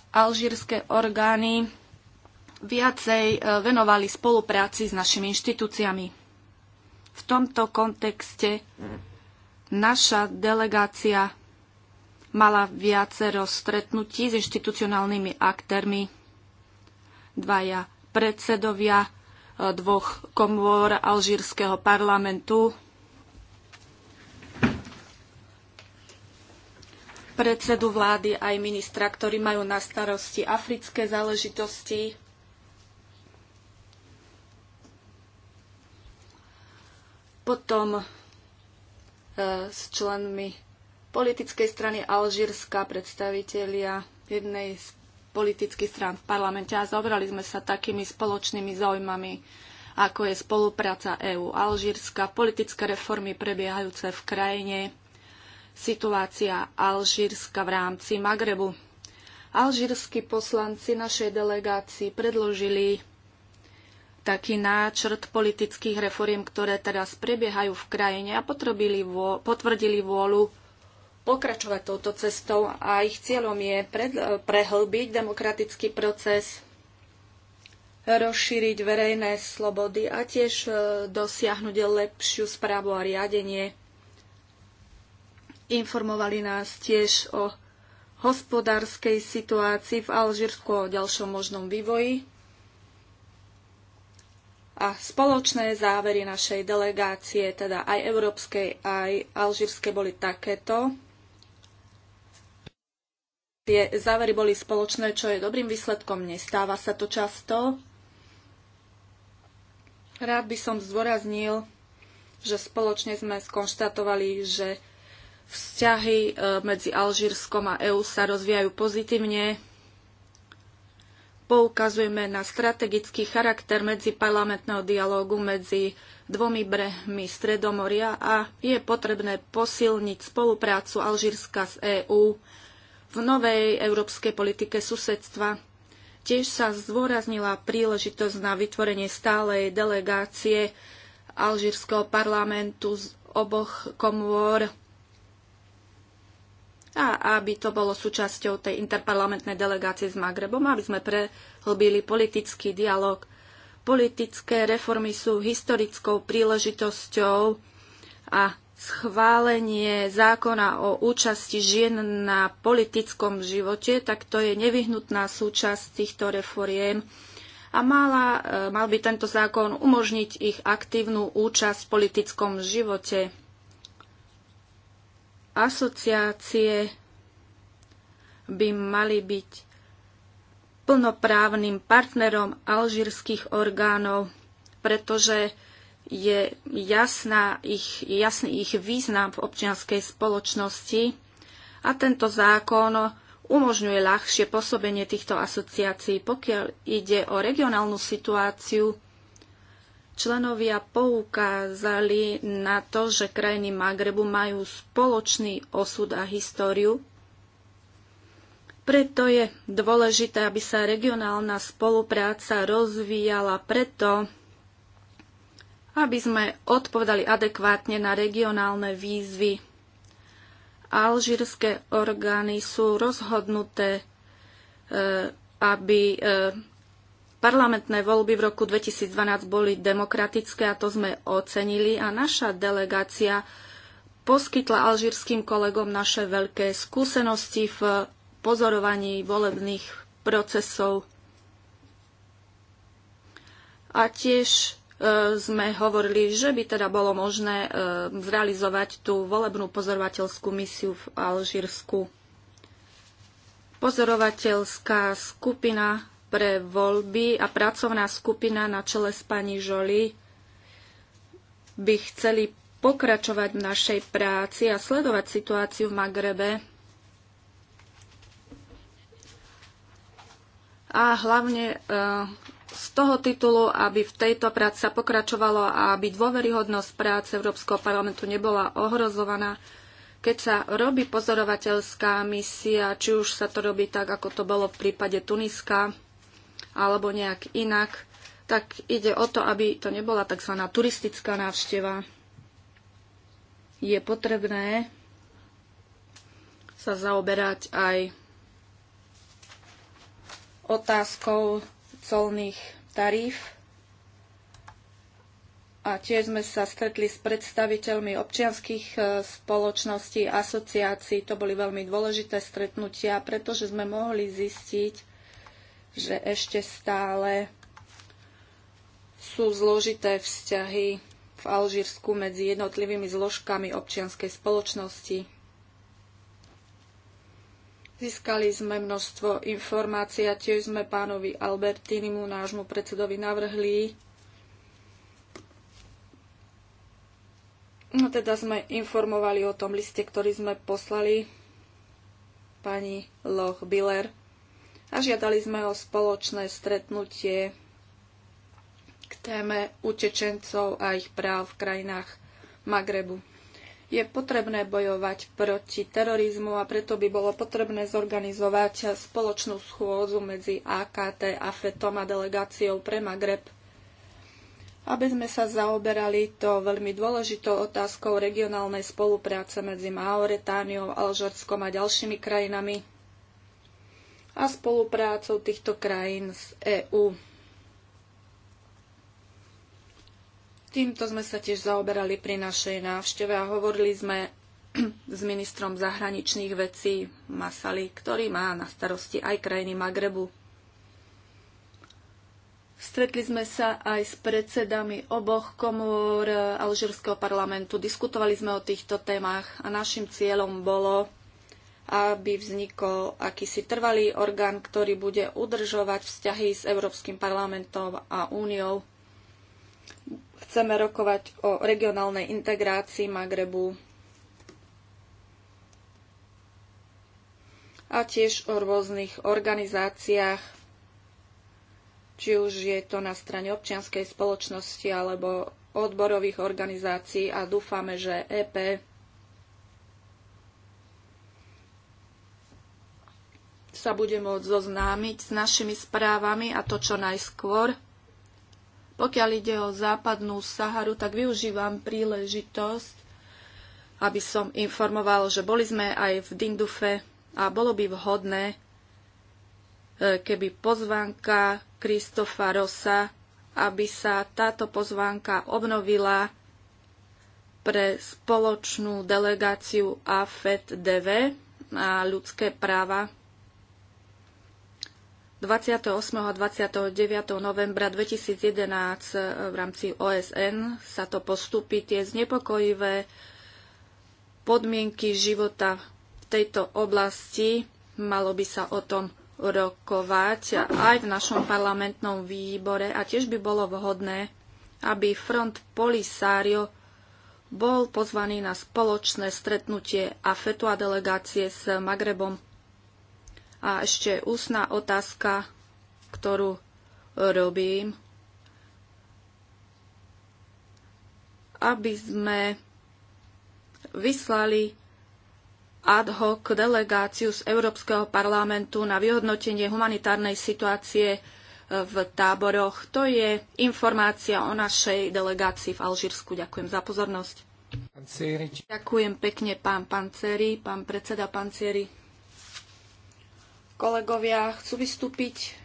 alžírske orgány viacej e, venovali spolupráci s našimi inštitúciami. V tomto kontexte naša delegácia mala viacero stretnutí s inštitucionálnymi aktérmi, dvaja predsedovia e, dvoch komôr alžírskeho parlamentu, predsedu vlády aj ministra, ktorí majú na starosti africké záležitosti. Potom e, s členmi politickej strany Alžírska, predstavitelia jednej z politických strán v parlamente a zaobrali sme sa takými spoločnými zaujímami, ako je spolupráca EÚ-Alžírska, politické reformy prebiehajúce v krajine, situácia Alžírska v rámci Magrebu. Alžírsky poslanci našej delegácii predložili taký náčrt politických reforiem, ktoré teraz prebiehajú v krajine a potvrdili vôľu pokračovať touto cestou a ich cieľom je prehlbiť demokratický proces, rozšíriť verejné slobody a tiež e, dosiahnuť lepšiu správu a riadenie. Informovali nás tiež o hospodárskej situácii v Alžírsku o ďalšom možnom vývoji a spoločné závery našej delegácie, teda aj európskej, aj alžírskej, boli takéto tie závery boli spoločné, čo je dobrým výsledkom. Nestáva sa to často. Rád by som zdôraznil, že spoločne sme skonštatovali, že vzťahy e, medzi Alžírskom a EÚ sa rozvíjajú pozitívne. Poukazujeme na strategický charakter medziparlamentného dialógu medzi dvomi brehmi Stredomoria a je potrebné posilniť spoluprácu Alžírska s EÚ v novej európskej politike susedstva. Tiež sa zdôraznila príležitosť na vytvorenie stálej delegácie Alžírskeho parlamentu z oboch komôr a aby to bolo súčasťou tej interparlamentnej delegácie s Magrebom, aby sme prehlbili politický dialog. Politické reformy sú historickou príležitosťou a schválenie zákona o účasti žien na politickom živote, tak to je nevyhnutná súčasť týchto reforiem a mala, e, mal by tento zákon umožniť ich aktívnu účasť v politickom živote. Asociácie by mali byť plnoprávnym partnerom alžírskych orgánov, pretože je jasná ich, jasný ich význam v občianskej spoločnosti a tento zákon umožňuje ľahšie pôsobenie týchto asociácií. Pokiaľ ide o regionálnu situáciu, členovia poukázali na to, že krajiny Magrebu majú spoločný osud a históriu. Preto je dôležité, aby sa regionálna spolupráca rozvíjala preto, aby sme odpovedali adekvátne na regionálne výzvy. Alžírske orgány sú rozhodnuté, e, aby e, parlamentné voľby v roku 2012 boli demokratické a to sme ocenili a naša delegácia poskytla alžírským kolegom naše veľké skúsenosti v pozorovaní volebných procesov. A tiež E, sme hovorili, že by teda bolo možné e, zrealizovať tú volebnú pozorovateľskú misiu v Alžírsku. Pozorovateľská skupina pre voľby a pracovná skupina na čele s pani Žoli by chceli pokračovať v našej práci a sledovať situáciu v Magrebe a hlavne e, z toho titulu, aby v tejto práci sa pokračovalo a aby dôveryhodnosť práce Európskeho parlamentu nebola ohrozovaná, keď sa robí pozorovateľská misia, či už sa to robí tak, ako to bolo v prípade Tuniska, alebo nejak inak, tak ide o to, aby to nebola tzv. turistická návšteva. Je potrebné sa zaoberať aj otázkou colných taríf. A tiež sme sa stretli s predstaviteľmi občianských e, spoločností, asociácií. To boli veľmi dôležité stretnutia, pretože sme mohli zistiť, že ešte stále sú zložité vzťahy v Alžírsku medzi jednotlivými zložkami občianskej spoločnosti. Získali sme množstvo informácií a tiež sme pánovi Albertinimu, nášmu predsedovi, navrhli, No teda sme informovali o tom liste, ktorý sme poslali pani Loch Biller a žiadali sme o spoločné stretnutie k téme utečencov a ich práv v krajinách Magrebu. Je potrebné bojovať proti terorizmu a preto by bolo potrebné zorganizovať spoločnú schôdzu medzi AKT a FETom a delegáciou pre Magreb, aby sme sa zaoberali to veľmi dôležitou otázkou regionálnej spolupráce medzi Mauretániou, Alžorskom a ďalšími krajinami a spoluprácou týchto krajín s EÚ. Týmto sme sa tiež zaoberali pri našej návšteve a hovorili sme s ministrom zahraničných vecí Masali, ktorý má na starosti aj krajiny Magrebu. Stretli sme sa aj s predsedami oboch komôr Alžírskeho parlamentu. Diskutovali sme o týchto témach a našim cieľom bolo, aby vznikol akýsi trvalý orgán, ktorý bude udržovať vzťahy s Európskym parlamentom a úniou. Chceme rokovať o regionálnej integrácii Magrebu a tiež o rôznych organizáciách, či už je to na strane občianskej spoločnosti alebo odborových organizácií a dúfame, že EP sa bude môcť zoznámiť s našimi správami a to čo najskôr. Pokiaľ ide o západnú Saharu, tak využívam príležitosť, aby som informoval, že boli sme aj v Dindufe a bolo by vhodné, e, keby pozvánka Kristofa Rosa, aby sa táto pozvánka obnovila pre spoločnú delegáciu AFED dv a ľudské práva 28. a 29. novembra 2011 e, v rámci OSN sa to postupí tie znepokojivé podmienky života v tejto oblasti. Malo by sa o tom rokovať aj v našom parlamentnom výbore a tiež by bolo vhodné, aby Front Polisario bol pozvaný na spoločné stretnutie fetu a delegácie s Magrebom a ešte ústna otázka, ktorú e, robím, aby sme vyslali ad hoc delegáciu z Európskeho parlamentu na vyhodnotenie humanitárnej situácie e, v táboroch. To je informácia o našej delegácii v Alžírsku. Ďakujem za pozornosť. Pancieri. Ďakujem pekne, pán Panceri, pán predseda Panceri. Kolegovia chcú vystúpiť.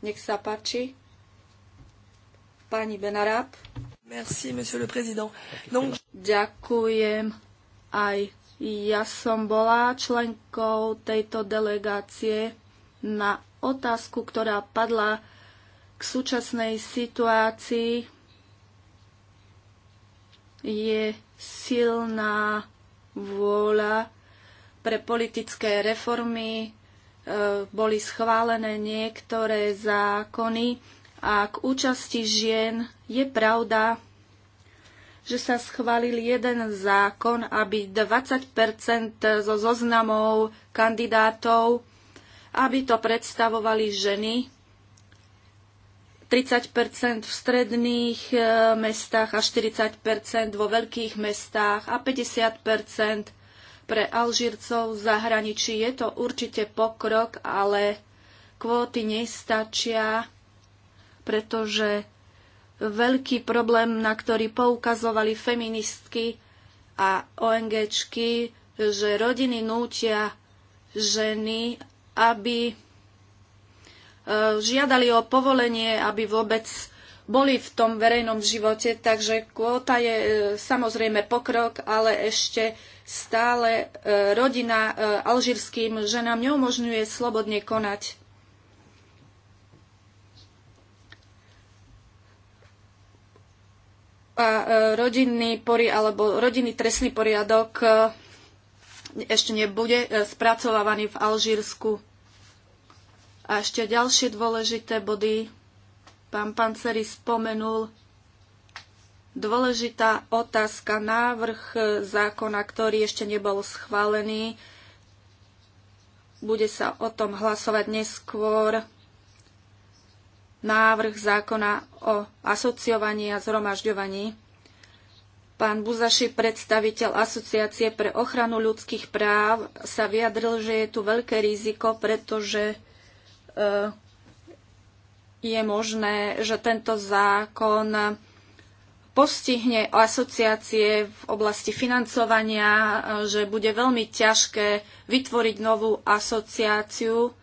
Nech sa páči. Pani Benarab. Merci, monsieur le président. Donc... Ďakujem aj ja som bola členkou tejto delegácie na otázku, ktorá padla k súčasnej situácii. Je silná vôľa pre politické reformy E, boli schválené niektoré zákony a k účasti žien je pravda, že sa schválil jeden zákon, aby 20 zo zoznamov kandidátov, aby to predstavovali ženy, 30 v stredných e, mestách a 40 vo veľkých mestách a 50 pre Alžírcov v zahraničí. Je to určite pokrok, ale kvóty nestačia, pretože veľký problém, na ktorý poukazovali feministky a ONGčky, že rodiny nútia ženy, aby e, žiadali o povolenie, aby vôbec boli v tom verejnom živote, takže kvóta je e, samozrejme pokrok, ale ešte stále e, rodina e, alžírským ženám neumožňuje slobodne konať. A e, rodinný pori, alebo rodinný trestný poriadok ešte nebude spracovávaný v Alžírsku. A ešte ďalšie dôležité body. Pán Panceri spomenul Dôležitá otázka, návrh zákona, ktorý ešte nebol schválený, bude sa o tom hlasovať neskôr. Návrh zákona o asociovaní a zhromažďovaní. Pán Buzaši, predstaviteľ Asociácie pre ochranu ľudských práv, sa vyjadril, že je tu veľké riziko, pretože e, je možné, že tento zákon postihne asociácie v oblasti financovania, e, že bude veľmi ťažké vytvoriť novú asociáciu.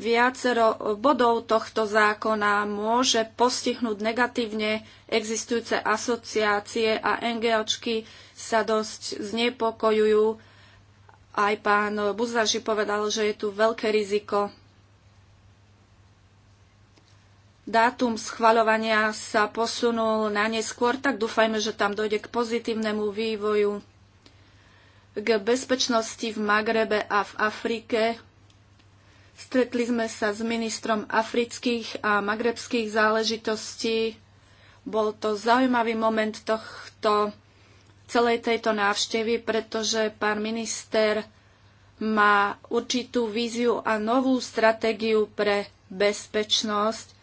Viacero bodov tohto zákona môže postihnúť negatívne existujúce asociácie a NGOčky sa dosť znepokojujú. Aj pán Buzaži povedal, že je tu veľké riziko dátum schvaľovania sa posunul na neskôr, tak dúfajme, že tam dojde k pozitívnemu vývoju, k bezpečnosti v Magrebe a v Afrike. Stretli sme sa s ministrom afrických a magrebských záležitostí. Bol to zaujímavý moment tohto, celej tejto návštevy, pretože pán minister má určitú víziu a novú stratégiu pre bezpečnosť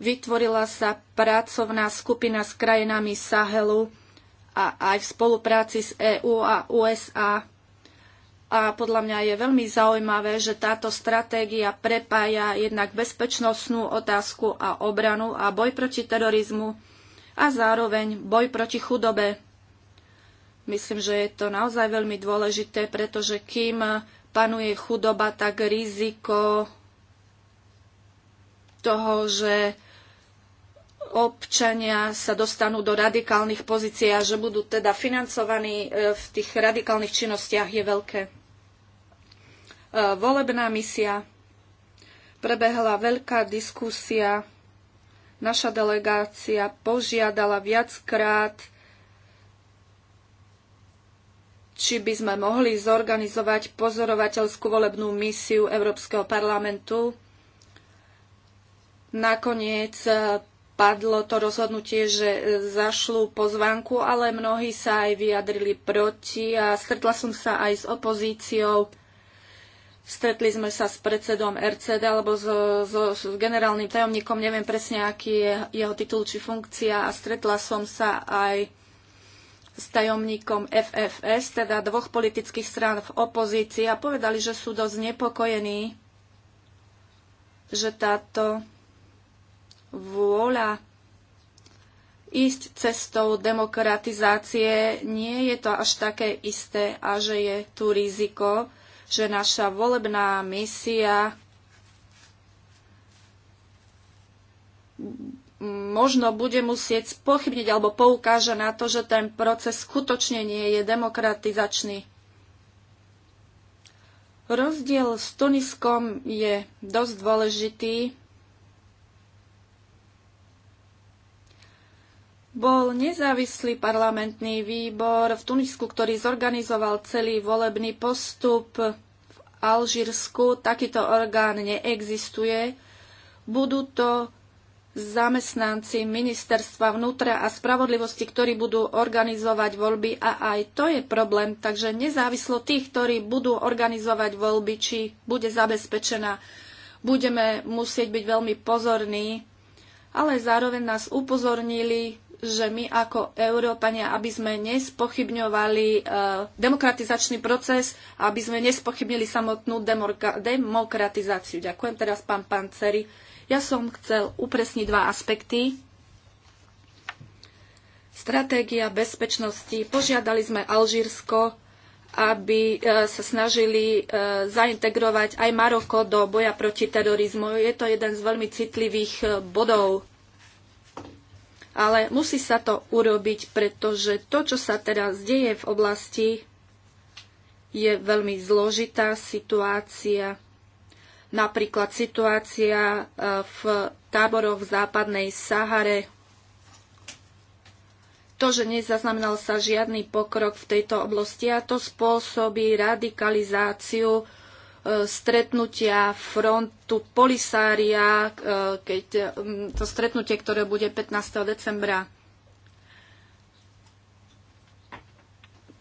Vytvorila sa pracovná skupina s krajinami Sahelu a aj v spolupráci s EÚ a USA. A podľa mňa je veľmi zaujímavé, že táto stratégia prepája jednak bezpečnostnú otázku a obranu a boj proti terorizmu a zároveň boj proti chudobe. Myslím, že je to naozaj veľmi dôležité, pretože kým panuje chudoba, tak riziko toho, že občania sa dostanú do radikálnych pozícií a že budú teda financovaní e, v tých radikálnych činnostiach je veľké. E, volebná misia. Prebehla veľká diskusia. Naša delegácia požiadala viackrát, či by sme mohli zorganizovať pozorovateľskú volebnú misiu Európskeho parlamentu. Nakoniec e, padlo to rozhodnutie, že e, zašlú pozvánku, ale mnohí sa aj vyjadrili proti a stretla som sa aj s opozíciou. Stretli sme sa s predsedom RCD alebo s, s, s generálnym tajomníkom, neviem presne, aký je jeho titul či funkcia a stretla som sa aj s tajomníkom FFS, teda dvoch politických strán v opozícii a povedali, že sú dosť nepokojení, že táto vôľa ísť cestou demokratizácie, nie je to až také isté a že je tu riziko, že naša volebná misia možno bude musieť spochybniť alebo poukáže na to, že ten proces skutočne nie je demokratizačný. Rozdiel s Tuniskom je dosť dôležitý bol nezávislý parlamentný výbor v Tunisku, ktorý zorganizoval celý volebný postup v Alžírsku. Takýto orgán neexistuje. Budú to zamestnanci ministerstva vnútra a spravodlivosti, ktorí budú organizovať voľby a aj to je problém. Takže nezávislo tých, ktorí budú organizovať voľby, či bude zabezpečená, budeme musieť byť veľmi pozorní, ale zároveň nás upozornili že my ako Európania, aby sme nespochybňovali e, demokratizačný proces, aby sme nespochybnili samotnú demokratizáciu. Ďakujem teraz pán Panceri. Ja som chcel upresniť dva aspekty. Stratégia bezpečnosti. Požiadali sme Alžírsko, aby e, sa snažili e, zaintegrovať aj Maroko do boja proti terorizmu. Je to jeden z veľmi citlivých bodov ale musí sa to urobiť, pretože to, čo sa teraz deje v oblasti, je veľmi zložitá situácia. Napríklad situácia e, v táboroch v západnej Sahare. To, že nezaznamenal sa žiadny pokrok v tejto oblasti a to spôsobí radikalizáciu E, stretnutia frontu Polisária, e, keď to stretnutie, ktoré bude 15. decembra.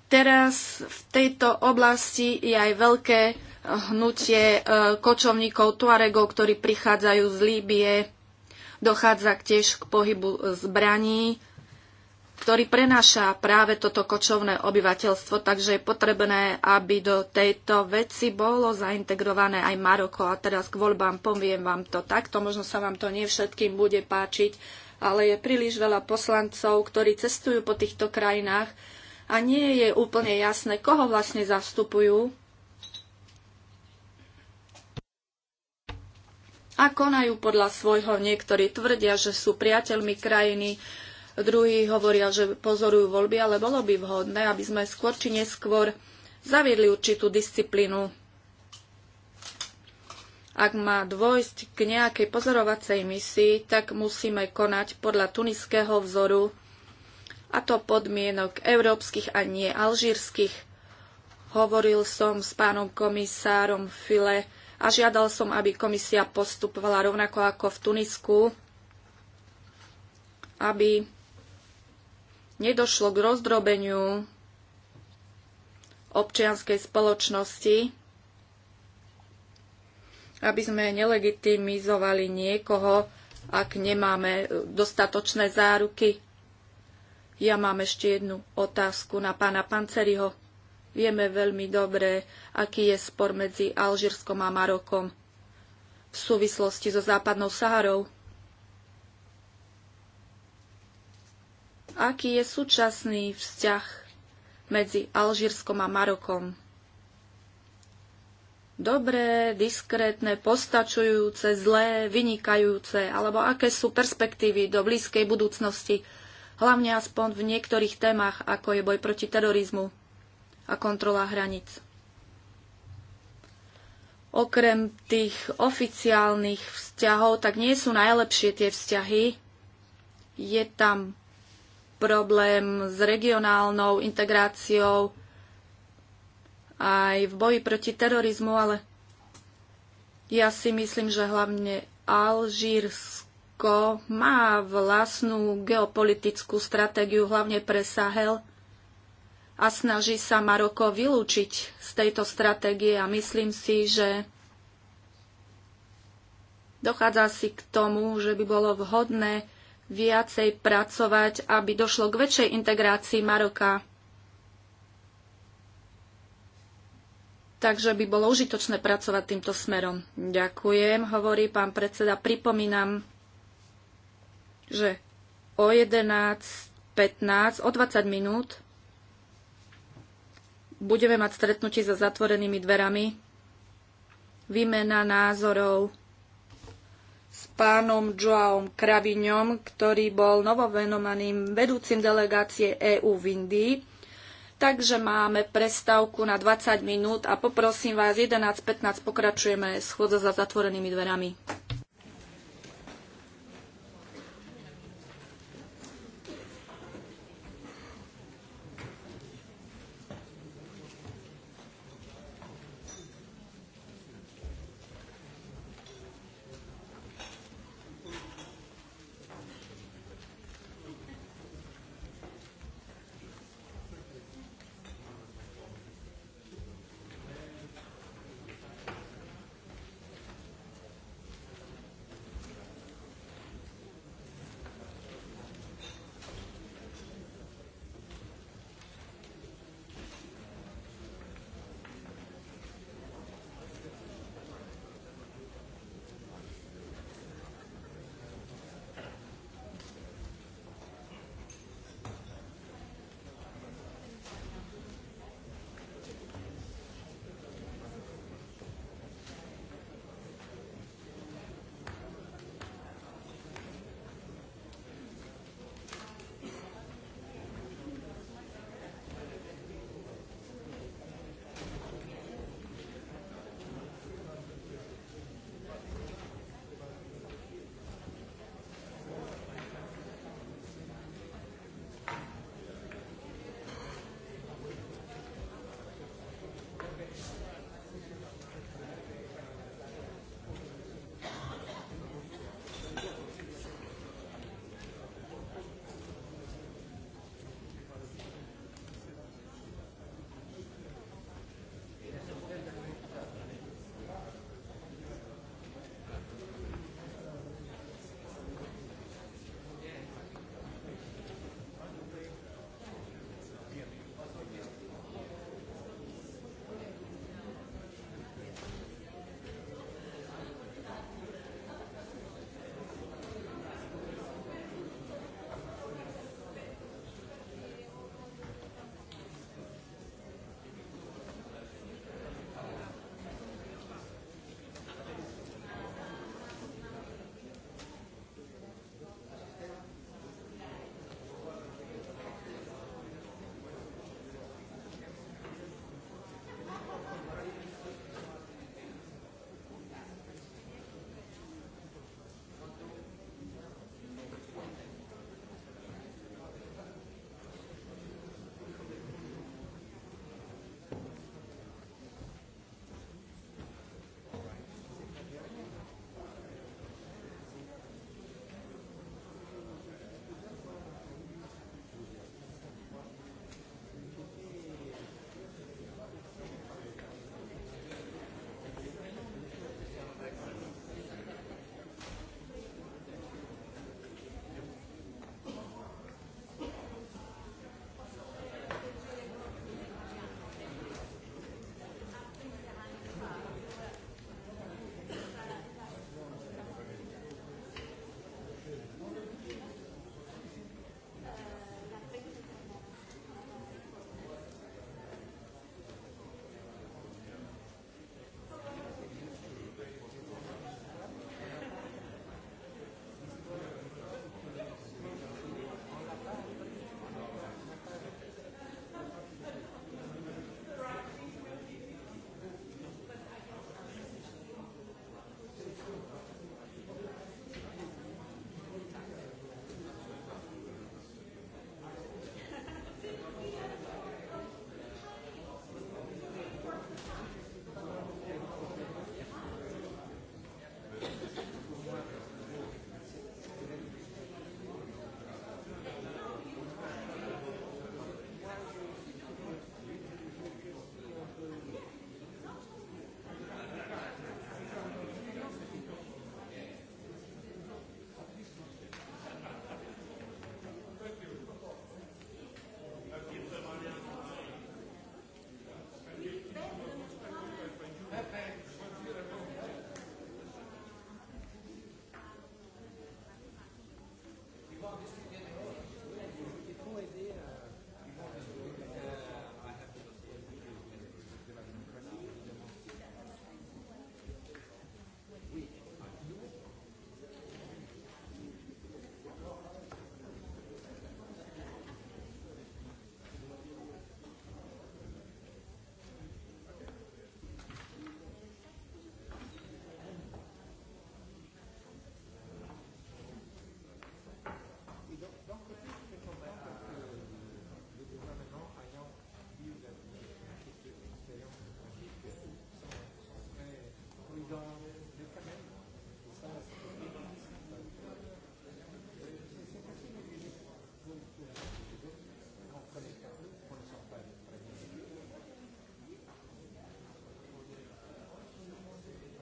Teraz v tejto oblasti je aj veľké hnutie e, kočovníkov Tuaregov, ktorí prichádzajú z Líbie. Dochádza tiež k pohybu zbraní ktorý prenáša práve toto kočovné obyvateľstvo, takže je potrebné, aby do tejto veci bolo zaintegrované aj Maroko. A teraz k voľbám poviem vám to takto, možno sa vám to nie všetkým bude páčiť, ale je príliš veľa poslancov, ktorí cestujú po týchto krajinách a nie je úplne jasné, koho vlastne zastupujú a konajú podľa svojho. Niektorí tvrdia, že sú priateľmi krajiny, Druhí hovoria, že pozorujú voľby, ale bolo by vhodné, aby sme skôr či neskôr zaviedli určitú disciplínu. Ak má dôjsť k nejakej pozorovacej misii, tak musíme konať podľa tuniského vzoru, a to podmienok európskych a nie alžírskych. Hovoril som s pánom komisárom File a žiadal som, aby komisia postupovala rovnako ako v Tunisku, aby nedošlo k rozdrobeniu občianskej spoločnosti, aby sme nelegitimizovali niekoho, ak nemáme dostatočné záruky. Ja mám ešte jednu otázku na pána Panceriho. Vieme veľmi dobre, aký je spor medzi Alžírskom a Marokom v súvislosti so západnou Saharou. aký je súčasný vzťah medzi Alžírskom a Marokom. Dobré, diskrétne, postačujúce, zlé, vynikajúce, alebo aké sú perspektívy do blízkej budúcnosti, hlavne aspoň v niektorých témach, ako je boj proti terorizmu a kontrola hraníc. Okrem tých oficiálnych vzťahov, tak nie sú najlepšie tie vzťahy. Je tam problém s regionálnou integráciou aj v boji proti terorizmu, ale ja si myslím, že hlavne Alžírsko má vlastnú geopolitickú stratégiu, hlavne pre Sahel a snaží sa Maroko vylúčiť z tejto stratégie a myslím si, že dochádza si k tomu, že by bolo vhodné viacej pracovať, aby došlo k väčšej integrácii Maroka. Takže by bolo užitočné pracovať týmto smerom. Ďakujem, hovorí pán predseda. Pripomínam, že o 11.15, o 20 minút budeme mať stretnutie za zatvorenými dverami, výmena názorov pánom Joaom Kravinom, ktorý bol novovenomaným vedúcim delegácie EÚ v Indii. Takže máme prestávku na 20 minút a poprosím vás, 11.15 pokračujeme schôdza za zatvorenými dverami.